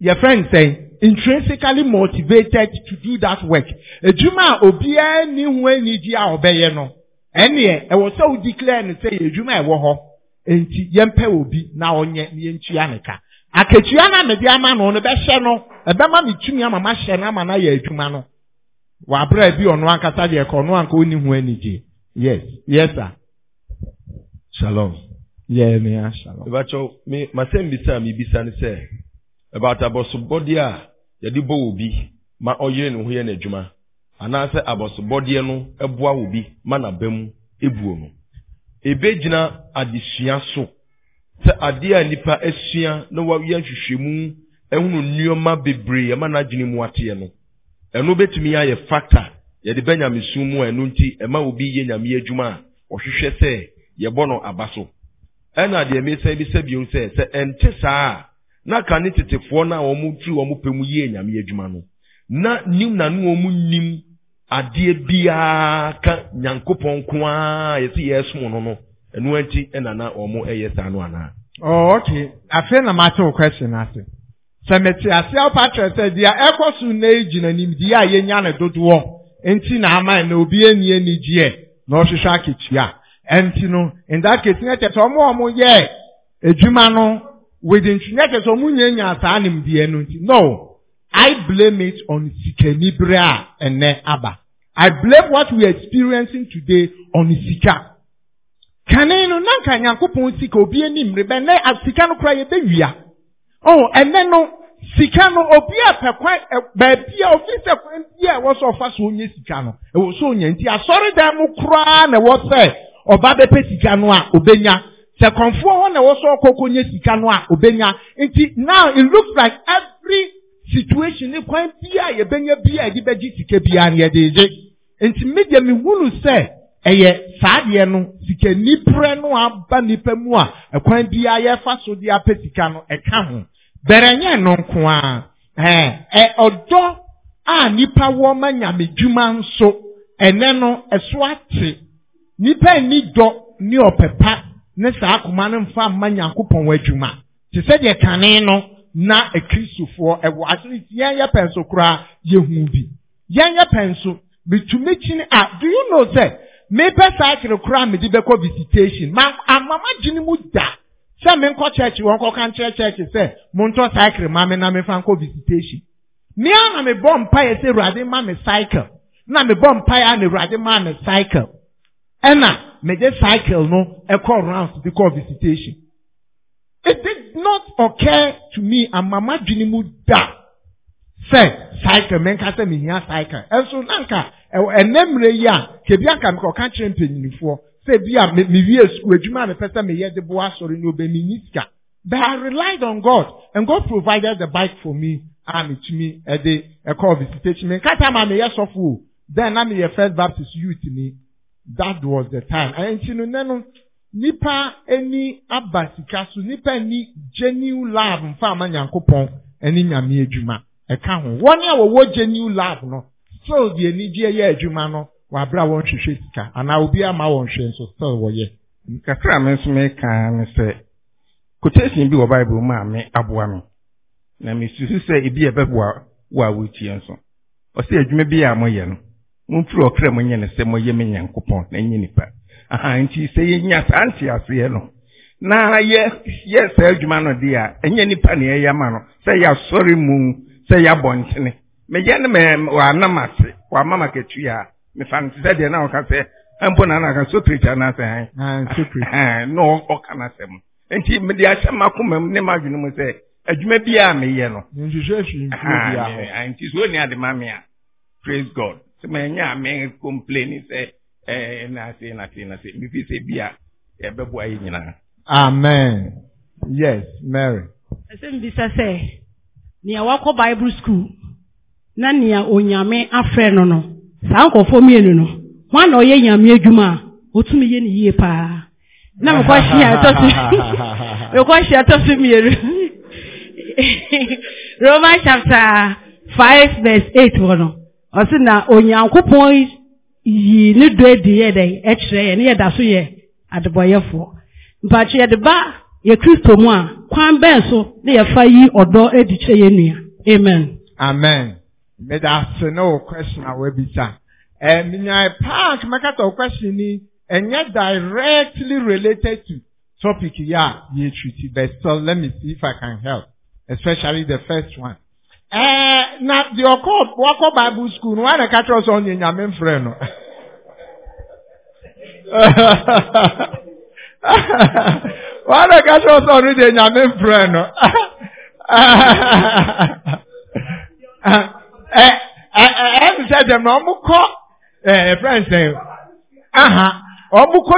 your friend sɛn. intrinsically motivated to do that work. Edwuma a obiara ni ho ani gye a ɔbɛyɛ no. Ɛneɛ ɛwɔ e sɛ o declare no sɛ edwuma ɛwɔ e hɔ. Nti yɛmpɛ obi na ɔnyɛ na yɛntua ne ka. Akatua na mede ama na no no e bɛhyɛ no ɛbɛma me tumi ama ma hyɛ na ama na yɛ edwuma no. W'abra ebi ɔno ankasa deɛ kɔ ɔno anka oni ho ani gye. Yes, yes sir.
Shalom. Yɛ yeah, mi a shalom. Ìbátsɔ mi màsẹ́mi bisa mi bisa ni sẹ́. about abɔsobɔdeɛ a yɛde bɔ obi ma ɔyere ne ho yɛ n'adwuma anaasɛ abɔsobɔdeɛ no boa obi ma n'aba mu ebuo no gyina adesua so sɛ adeɛ a nipa esua na wɔayɛ nhwehwɛmu ɛhunu nneɛma bebree ɛma n'adwene mu ateɛ no ɛno betumi ayɛ factor yɛde bɛ nyamesu mu a ɛno nti ɛma e obi yɛ nyame adwuma a ɔhwehwɛ sɛ yɛbɔ no aba so ɛna deɛ mesa bi sɛ bio sɛ sɛ ɛnte saa a na ka ne tetefoɔ no a wɔn ọmụ wɔn pɛ mu yie nyame na nim na no wɔn nim adeɛ biara ka nyankopɔn ko ara yɛsi yɛsom no no na wɔn ɛyɛ saa no anaa.
ɔɔ oh, ok afei na maa te o question ase sɛ ase afa kyerɛ sɛ na nim nti na ama na obi eni eni gyeɛ na ɔhwehwɛ ɛnti no edwuma no within chineke sọ mụ nyenya saa nimdeɛ no nti no i blame it on sikanibere a ɛnɛ aba i blame what we experiencing today on sika kane no nanka nyankopɔn sika obi anim rebɛ ne sika no koraa yɛbɛwia oh ɛnɛ no sika no obi a pɛ kwan baabi a ofi sɛ kwan bi a ɛwɔ sɛ ɔfa so onye sika no ɛwɔ so onye nti asɔredan mu koraa na ɛwɔ sɛ ɔba bɛpɛ sika no a obenya sɛ kɔnfoɔ hɔ na wɔsɔ kɔkɔ nye sika no a obenya nti now it looks like every situation ne kwan bia yɛbɛnya bia yɛde bɛgye sika bia ne yɛde gye nti media mi hunu sɛ ɛyɛ saa deɛ no sika niprɛ no aba nipa mu a ɛkwan bia yɛfa so de apɛ sika no ɛka ho bɛrɛnyɛ no nko a ɛɛ ɔdɔ a nipa wɔ ma nyamedwuma nso ɛnɛ no ɛso ate nipa ni dɔ ne ɔpɛpa ne saa akoma no mfa mma nyankopɔn adwuma te sɛ deɛ kane no na akristofoɔ ɛwɔ asene yɛn yɛ pɛn so koraa yɛhu bi yɛn pɛn so metumi kyini a ah, do you know sɛ mepɛ saa akyere koraa mede bɛkɔ visitation ma amama gyene mu da sɛ menkɔ kyɛkye wɔn kɔka nkyerɛ kyɛkye sɛ montɔ cycle ma me na mefa nkɔ visitation mmea na mebɔ mpaeɛ sɛ awurade ma me cycle na mebɔ mpaeɛ a na awurade ma me cycle ɛna megye cycle no ɛkɔ rounds call visitation it did not occur to me amama dwene mu da sɛ cycle mɛnka sɛ mehia cycle ɛnso nanka ɛnɛ mmerɛ yi a kebi anka mekɔka kyerɛ mpanyinifoɔ sɛ bi a mewie sukuu adwuma a mepɛ sɛ meyɛ de boa asɔre no obɛmenyi sika but I relied on God and God provided the bike for me a de, ɛde call visitation mɛnka time a meyɛ sɔfo o then na meyɛ first baptist youth ni that was the time. Ẹnti no nẹ́nu nipa ani aba sika so nipa ani genuine lab mfaama nyankopɔn ɛne nyame adwuma ɛka ho wɔn a wɔwɔ genuine lab no still deɛ anigyeɛ yɛ adwuma no wabra wɔn hwehwɛ sika anaa obi ama wɔn hwɛ nso still wɔyɛ. kakra mi nso mi kan mi sɛ quotation bi wɔ bible mu a mi aboa mi na mi
susu sɛ ebi yɛ bɛboa wo a wotie nso ɔsɛ adwuma bi a mo yɛ no. mfiri ɔkra mu nyɛ ne sɛ mɔyɛ me nyankopɔn na ɛnyɛ nipa aha nti sɛ yɛnya saa nte aseɛ no na yɛ yɛ saa adwuma no a ɛnyɛ nipa na ɛyɛ ma no sɛ yɛasɔre mu sɛ yɛabɔ ntene meyɛ no mɛ wɔanam ase wɔama ma katui a mefa no te sɛ deɛ na ɔka sɛ mpo na anaka sotrecha no asɛ han na ɔka no asɛm nti mede ahyɛ makoma ne madwene mu sɛ adwuma bi a meyɛ no
nti sɛ
a praise god sɛ manya ame complain sɛ eh, eh, na se na se na se mefi sɛ bia yɛbɛboa e yɛ
nyinaa amen yes mary
ɛsɛ mbisa sɛ nea wakɔ bible school na nea onyame afrɛ no no saa nkɔfoɔ mmienu no hwan na ɔyɛ nyame adwuma a ɔtumi yɛ ne yie paa na mekɔhyia ɛtɔ so mekɔhyia ɛtɔ so mmienu roman chapter five verse eight wɔ no ɔsi na onyankopɔn yi ne do edi yɛ dɛ ɛkyerɛ yɛ ne yɛ da so yɛ adebɔyɛfoɔ mpatsi yɛde ba yɛ kristo mu a kwan bɛn so ne yɛfa yi ɔdɔ edi kyerɛ yɛ nua amen.
amen mmeda ase ne wo question a wabisa ɛɛ minya paaki mɛka tɔ question ni ɛnyɛ directly related to topic yɛ a yɛ tuti but so let me see if i can help especially the first one. ɛɛ. na dị ọkọ ọkọ Bible School na kacha ọsọ onye nyame mfere nọ nwaanyị kacha ọsọ ọrụ dị nyame mfere nọ ɛm sɛ dɛm na ɔmo kɔ ɛɛ aha ɔmo kɔ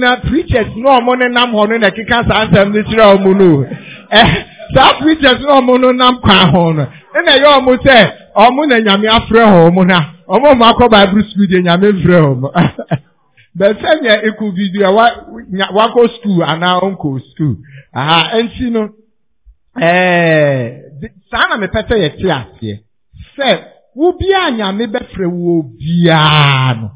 na preachers na ɔmo nenam hɔ no na keka saa nsɛm no kyerɛ ɔmo no saa preachers na ọmụ nụ nam kwan ahụ no na ɛyɛ ɔmo sɛ ɔmo na nyame afrɛ ɔmo na ɔmo akɔ bible school de nyame frɛ ɔmo bɛsɛ eku wa wakɔ school anaa ɔnkɔ school aha no eh, saa e na mepɛ sɛ yɛte aseɛ sɛ wo nyame bɛfrɛ wo biara no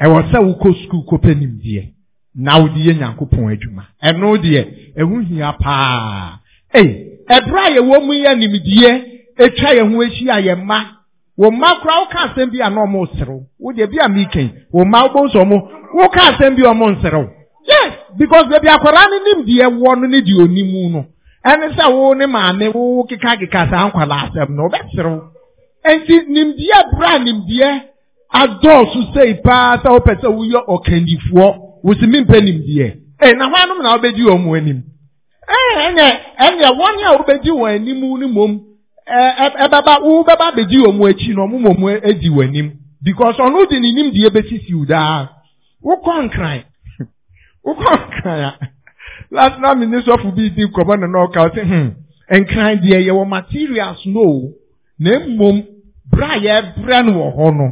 ɛwɔ sɛ wokɔ school kɔpɛ nimdeɛ na wode yɛ ya adwuma ɛno deɛ hia paa ee ebere a yɛwɔ mu yɛ nimdeɛ etwa yɛn ho ehyia yɛn mma wɔn mma koraa wɔka asɛm bi a na wɔn reserew wɔde ebi a meekan wɔn mma wɔbɔ nsɔn mo wɔka asɛm bi a wɔn reserew yes because beebi akwaraa no nimdeɛ wɔ no ne deɛ onimu no ɛne sɛ wo ne maame wo kekakeka saa nkwadaa asɛm no ɔbɛserew nti nimdeɛ bere a nimdeɛ adɔɔso sei paa sɛ wopɛ sɛ woyɛ ɔkandifoɔ wosi mi mpɛ nimdeɛ ee na hɔn anom na wobɛdi wɔn anim. ɛnyɛ ɛnyɛ wɔn a wɔbɛgye wɔn anim ne mom ɛbɛba wɔbɛba abɛgye wɔn akyi na wɔn mom adi wɔn anim because ɔno de nim deɛ bɛsisi wo daa wokɔ nkran wokɔ nkran a last na mi bi di na na ɔka hmm nkran deɛ yɛ wɔ materials no na mmom bra yɛ brɛ no wɔ no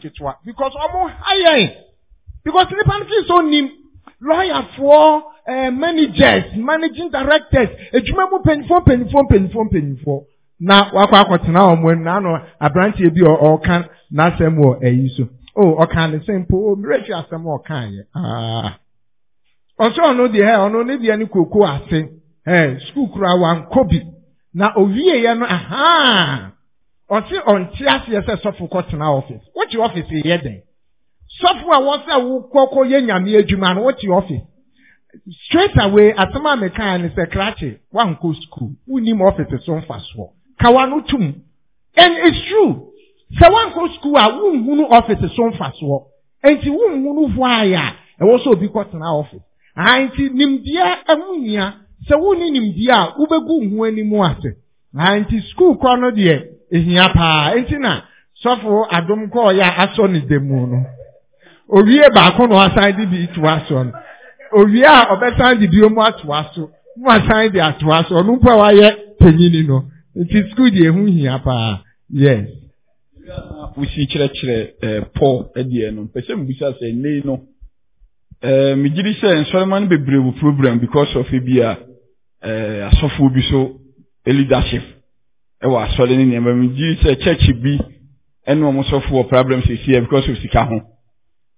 ketewa because ɔmo ha yɛn because uh, managers managing directors edwuma mu mpanyinfoɔ mpanyinfoɔ mpanyinfoɔ mpanyinfoɔ na wakɔ akɔtena wɔn mu na ano aberanteɛ eh, ah. eh, bi ɔka n'asɛm wɔ ɛyi so o ɔka ne sɛ mpo o mmerɛ fi asɛm a ɔka yɛ aa ɔsɛ ɔno deɛ ɔno ne deɛ ne koko ase ɛɛ sukuu kura wankɔ bi na owie yɛ no ahaa ɔsi ɔnte aseɛ sɛ sɔfo kɔtena ɔfis wɔkye ɔfis yɛ den sɔfo a wɔsɛ wokɔkɔ yɛ nyame adwuma no wɔkye ɔfis straight away atoma a mekaa ne sɛ krakye wankɔ sukuu wonnim ɔfise so mfasoɔ kawa no tum and it's true sɛ wankɔ school a wonhunu ɔfise so mfasoɔ nti wonhunu hwaayɛ a ɛwɔ sɛ obi kɔtena ɔfise nti nimdeɛ ɛho nia sɛ wonni nimdeɛ a wobɛgu nhu anim ase nti school kɔ no deɛ ehia paa nti na sɔfo adom kɔɔ yɛ asɔ ne dɛm mu no owie baako na ɔsan de bi to asɔ no owie a ɔbɛsan de bio mu atoa so mu asan de atoa so ɔno mpo a wayɛ panyini no nti sukuu deɛ ho hia paa yes. wosi kyerɛkyerɛ ɛɛ
pɔ ɛdeɛ no mpɛ eh, sɛ mbusa sɛ nei no ɛɛ megyiri sɛ nsɔrɔma no bebree wɔ program because of ebi a ɛɛ eh, asɔfoɔ bi so eh, leadership ɛwɔ asɔre ne nneɛma megyiri sɛ church bi ɛna wɔn sɔfoɔ problem sisi yɛ e because of sika ho.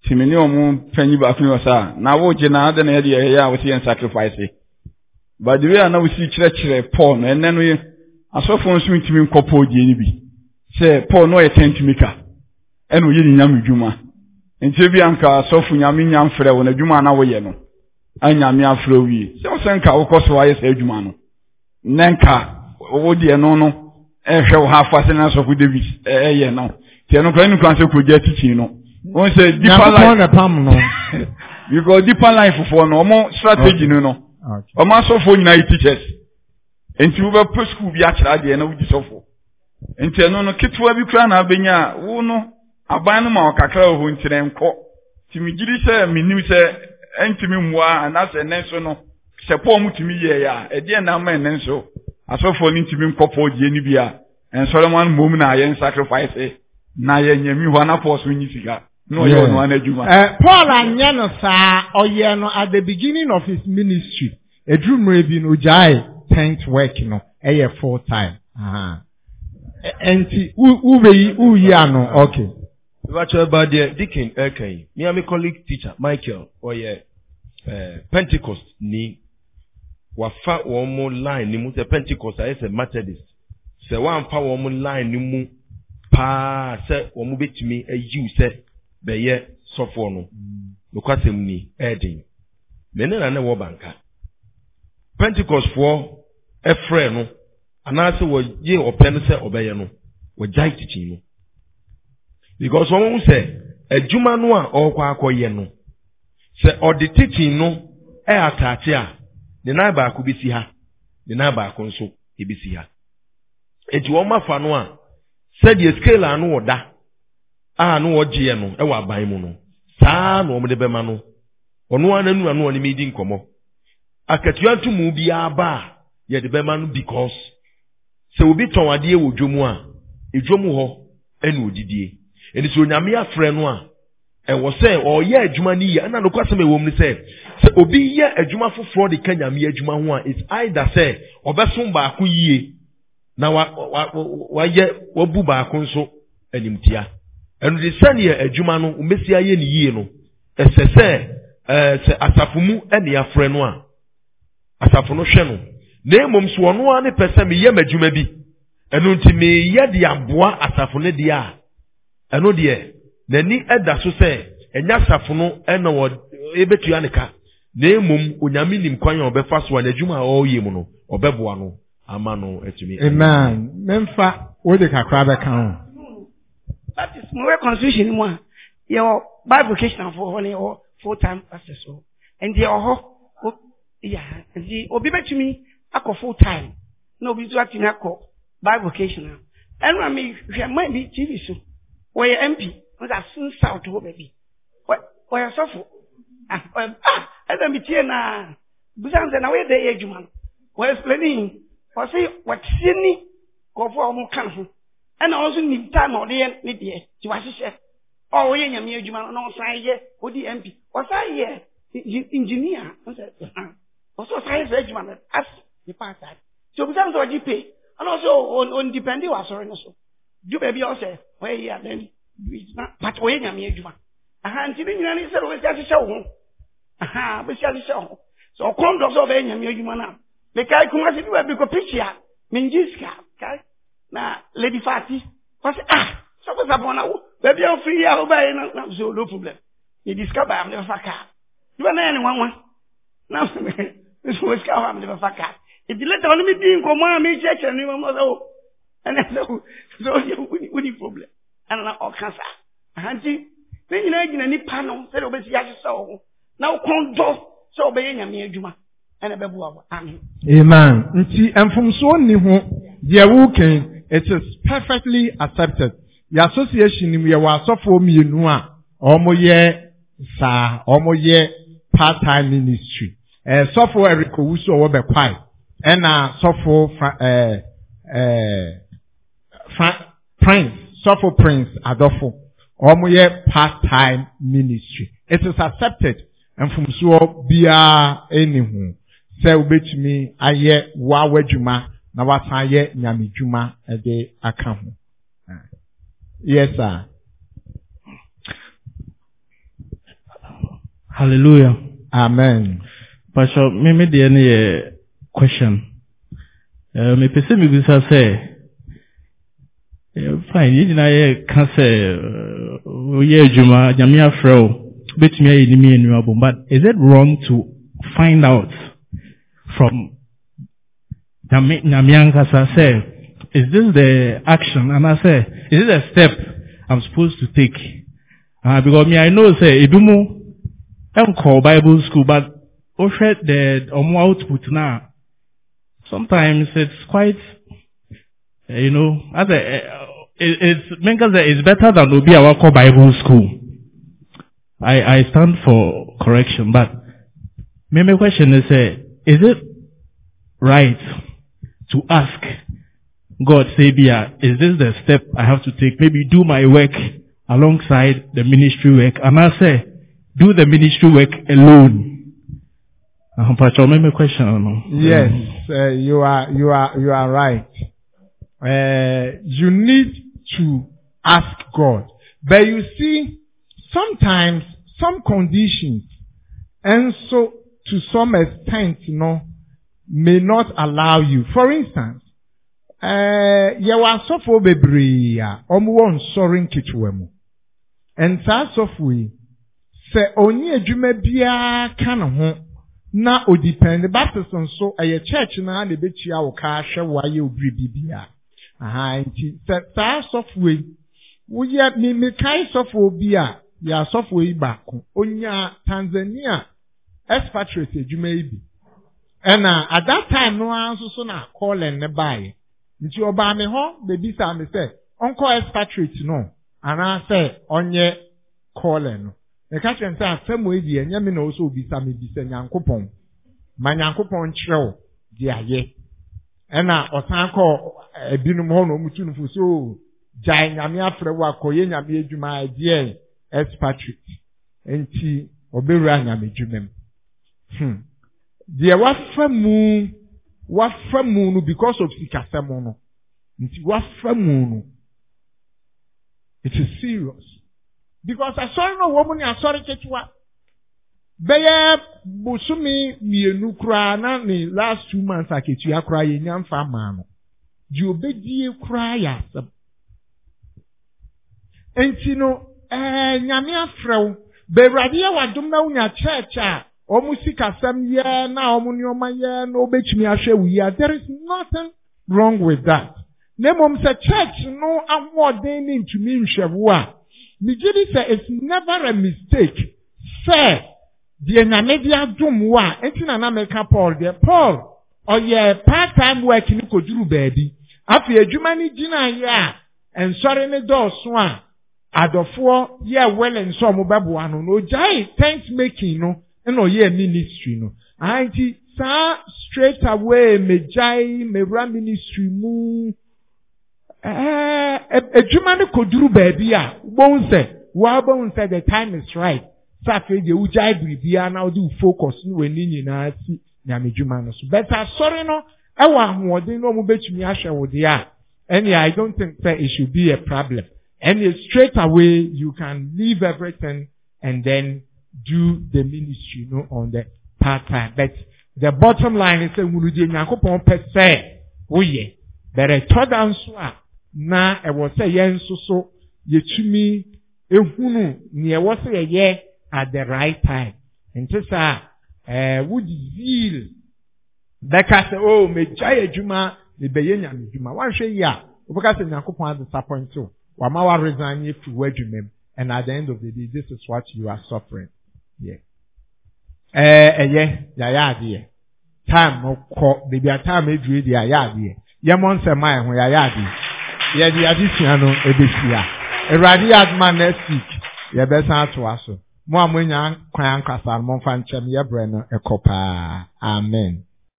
nti me ne ɔmo panyi baako ne na wogye na adɛ na yɛde yɛyɛ a wosi yɛn sacrifice badiri a na wosi kyerɛkyerɛ paul no ɛnɛ no yɛ asɔfo nso ntumi nkɔ paul die no bi sɛ paul no ɔyɛ tɛntumi ka ɛna oyɛ ne nyame dwuma nti bi anka asɔfo nyame nya mfrɛ wɔn adwuma na woyɛ no anyame afrɛ wie sɛ wosɛ nka wokɔ so wayɛ saa adwuma no na nka wo deɛ no no ɛhwɛ wo ha afa sɛ na asɔfo david ɛyɛ no nti ɛno kora ne nukwan sɛ kurogya atikyi no wọ́n sẹ deeper life nyankopɔn na pam no because deeper life foɔ no ɔmo strategy no no ɔmo asɔfoɔ nyinaa yɛ teachers nti wobɛpɛ sukuu bi akyerɛ adeɛ na wogye sɔfoɔ nti ɛno no ketewa bi kura na abɛnya a wo no aban no ma ɔkakra wɔ hɔ ntina nkɔ nti megyiri sɛ menim sɛ ɛntumi mmoa anaasɛ ɛnɛ nso no sɛ pɔɔ mu tumi yɛɛ a ɛdeɛ na ama ɛnɛ nso asɔfoɔ no ntumi nkɔ pɔɔ die no bi a ɛnsɔre ma no mmom na yɛ nyɛmi hɔ anafɔ so nyi sika na ɔyɛ ɔno ana adwuma. ɛ eh,
paul anyɛ no saa ɔyɛ no at the beginning of his ministry eduru mmerɛ bi no gyae tent work no ɛyɛ full time. E, nti wubeyi wuyi ano okay.
Bàtchọ̀ ẹ̀bá díẹ̀ Dikin ẹ̀kẹ́ yìí, mi àmì colleague teacher Michael ọ̀yẹ̀ ẹ̀ eh, Pentecost ni wàfa wọn mu line ni mu sẹ Pentecost ayé sẹ Methodist sẹ wàá fa wọn mu line ni mu paa sɛ wɔn bɛtumi ayiw sɛ bɛyɛ sɔfoɔ no mm. nokwasɛm ni ɛɛden mene na ne wɔ banka pentecostfoɔ ɛfrɛ no anaasɛ wɔgye ɔpɛ no sɛ ɔbɛyɛ no wɔgyae kyikyi no because wɔn sɛ adwuma no a ɔrekɔ akɔyɛ no sɛ ɔde tikyin no ɛyɛ ataate a ne nan baako bi si ha ne nan baako nso ebi si ha eti wɔn afa no a sɛdeɛ scale ano wɔda a no wɔgyeɛ no ɛwɔ aban mu no saa na wɔde bɛma no ɔno ara n'anu ano ɔne medi nkɔmmɔ akatua ntomu biara ba a yɛde bɛma no because sɛ obi tɔn adeɛ wɔ dwom a edwom hɔ ɛna odidie ɛni sɛ onyame afrɛ no a ɛwɔ sɛ ɔyɛ adwuma no yie ɛna nokwasɛm ɛwɔ mu sɛ sɛ obi yɛ adwuma foforɔ de ka nyame adwuma ho a it's either sɛ ɔbɛsom baako yie na wayɛ wabu baako nso animtia ɛno de sɛneɛ adwuma no mmesi ayɛ ne yie no ɛsɛ sɛ ɛɛ sɛ asafo mu ɛne afrɛ no a asafo no hwɛ no na mmom so ɔno ara ne pɛ sɛ meyɛ m'adwuma bi ɛno nti meyɛ de aboa asafo no deɛ a ɛno deɛ n'ani ɛda so sɛ ɛnyɛ asafo no ɛna wɔ ebetua ne ka na mmom onyame nim kwan a ɔbɛfa so a n'adwuma a ɔreyɛ mu no ɔbɛboa no. ama no amen
kakra bɛka ho.
wɛ constitution mu a bible hɔ ne full time ya nti obi bɛtumi akɔ full time na obi nso atumi akɔ bible ɛnu ami hwɛ mmaa bi tv so wɔyɛ mp south baabi wɔyɛ sɔfo ah, ah ɛna mi tie na wɔyɛ dɛ yɛ adwuma no ɔsi wɔtie ni nkurɔfoɔ a wɔn ka ho ɛna wɔn nso nim taa na ɔde yɛ ne deɛ ti wahyehyɛ a ɔyɛ nyame adwuma na ɔsan yɛ ɔdi mp ɔsan yɛ engineer ɔsɛ ɛhan ah. ɔsɛ ɔsan yɛ sɛ adwuma na as nipa ataa ti obi sɛ ɔgye pay ɛna ɔsɛ ɔndipendi wɔ asɔre no so du baabi a ɔsɛ ɔyɛ yɛ adan na but ɔyɛ nyame adwuma aha nti ne nyinaa ne sɛ ɔbɛsi ahyehyɛ wo ho aha ɔbɛsi ahyehyɛ wo ho sɛ ɔkɔn dɔ sɛ ɔbɛyɛ nyame adwuma no a Mekae kumasi bi baabi kɔpikyia mengye sika kae na lady fati ɔse ah sɛkosapɔ na wo baabi a wofiri a wobaɛ na na sɛ no problem mede sika baa mede bɛfa kaa nipa na yɛ ne nwanwa na mesowɔ sika hɔ a mede bɛfa kaa nti leta ɔno medii nkɔmmɔ a mekyerɛkyerɛ no mam sɛ o ɛnɛ sɛ sɛ woni problem ɛna na ɔka saa aha nti ne nyinaa gyina nipa no sɛdeɛ wobɛsi yɛahye sɛ ho na wokɔn dɔ sɛ wobɛyɛ nyame adwuma ɛna ɛbɛbu wabɔ amen.
amen nti mfomsoɔ nni ho deɛ wuken it is perfectly accepted yɛ association mu yɛwɔ asɔfoɔ mmienu a wɔyɛ saa wɔyɛ part time ministry ɛɛ sɔfo ɛrikowu so ɔwɔ bɛkwae ɛna sɔfo fra ɛɛ ɛɛ fra prince sɔfo prince adɔfo wɔyɛ part time ministry it is accepted mfomsoɔ biara ɛni ho. sɛ wobɛtumi ayɛ waw'adwuma na wasan ayɛ nyamedwuma de aka ho yes a
hallelujah amen pastor mimi deɛ no yɛ question eh, mepɛ sɛ mebisa sɛ eh, fine yɛn nyinaa yɛ ka sɛ woyɛ eh, adwuma nyame afrɛ wo wobɛtumi ayɛ nim yɛ but is it wrong to find out from I say, is this the action? And I say, is this a step I'm supposed to take? Uh, because me, I know, say, Edumu, I don't call Bible school, but Oshet, the um, output now, sometimes it's quite, uh, you know, as a, uh, it, it's, it's better than Obi Awako Bible school. I, I stand for correction, but my question is, uh, is it right to ask God, Savior, is this the step I have to take? Maybe do my work alongside the ministry work. And I say, do the ministry work alone. Uh-huh, Pastor, a question. Yes,
uh, you are you are you are right. Uh, you need to ask God, but you see, sometimes some conditions, and so to some extent, you know, may not allow you. For instance, eh, yɛwɔ asɔfo bebree a wɔwɔ nsɔre nketewa mu. Nsaa asɔfo yi, sɛ onye adwuma biara ka ne ho na odipɛn baptist nso ɛyɛ church naa na ebekyia wɔ kaa hwɛ wɔayɛ obiri bibia. Aha nti sɛ saa asɔfo yi, woyɛ mimikae sɔfo bi a yɛ asɔfo yi baako. Onyaa Tanzania expatriate adwuma yi bi. ɛna at that time no ara nso so na kɔɔlɛn ne baeɛ nti ɔbaa mi hɔ bebisa mi sɛ ɔnkɔ expatriate no anaasɛ ɔnyɛ kɔɔlɛn no ɛka kyerɛ nsɛ asɛm oyi deɛ nyɛ mi na ɔsɛ obisa mi bisa nyankopɔn ma nyankopɔn kyerɛw di ayɛ ɛna ɔsan kɔ ebinom hɔ na ɔmo tu no fo so oh, gyae nyame afrɛ wo akɔyɛ nyame adwuma ɛdeɛ expatriate nti ɔbɛwura nyame adwuma mu hmm. deɛ wafa mu wafa mu no because of sikasɛm no nti wafa mu no it is serious because asɔre no wɔn ne asɔre ketewa bɛyɛ bosome mmienu koraa na ne last two months aketua koraa yɛ nyamfa ama no deɛ obedie koraa yɛ asɛm nti no ɛɛ nyame afrɛw bɛwurade yɛ wadum na wonya kyerɛkyerɛ a wɔn sikasɛm yɛ na wɔn nneɛma yɛ na wɔbɛtumi ahwɛ wia there is nothing wrong with that na mmom sɛ church no ahoɔden ne ntumi nhwɛwo a megye di sɛ it's never a mistake sɛ deɛ nyame de adom wo a eti na na meka paul deɛ paul ɔyɛ part time work ne koduru baabi afei adwuma no gyina yɛ a nsɔre ne dɔɔso a adɔfoɔ yɛ wɛlɛ nsɔn mo bɛboa no na ogyae tent making no ɛna ɔyɛ ministry no ahanti saa straight away megyae mewura ministry mu ɛɛ adwuma no koduru baabi a wɔn sɛ wɔabɔn sɛ the time is right safe deɛ wogyae biribiara na wɔde wo focus ne w'ani nyinaa si nyame dwuma no so bɛtɛ asɔre no ɛwɔ ahoɔden na wɔn bɛtumi ahwɛ wo deɛ a ɛnni i don't think sɛ it should be a problem ɛnni straight away you can leave everything and then do the ministry you know, on the part time. But the bottom line is wunu di nyankopɔn pɛ sɛ woyɛ but ɛtɔ da nso a na ɛwɔ sɛ yɛn nso so yɛtumi ehunu nea ɛwɔ sɛ yɛyɛ at the right time nti saa ah, ɛɛ eh, wodi zeal bɛka sɛ o oh, megya yɛ adwuma mebɛyɛ nyame adwuma wahwɛ yi a wobɛka sɛ nyankopɔn adisapɔntew wama wa resign efiri wɔ adwuma mu and at the end of the day this is what you are suffering. ɛɛ ɛyɛ yɛayɛ adeɛ time ɔkɔ beebi a time edue deɛ ayɛ adeɛ yɛmɔ nsɛm a ɛho yɛayɛ adeɛ yɛde adesua no ebesia eh, awurade eh, yɛ adoma next week yɛbɛsan atoa so mo a mo nya kwan ankasa no mo nfa nkyɛn yɛ brɛ no ɛkɔ eh, paa amen.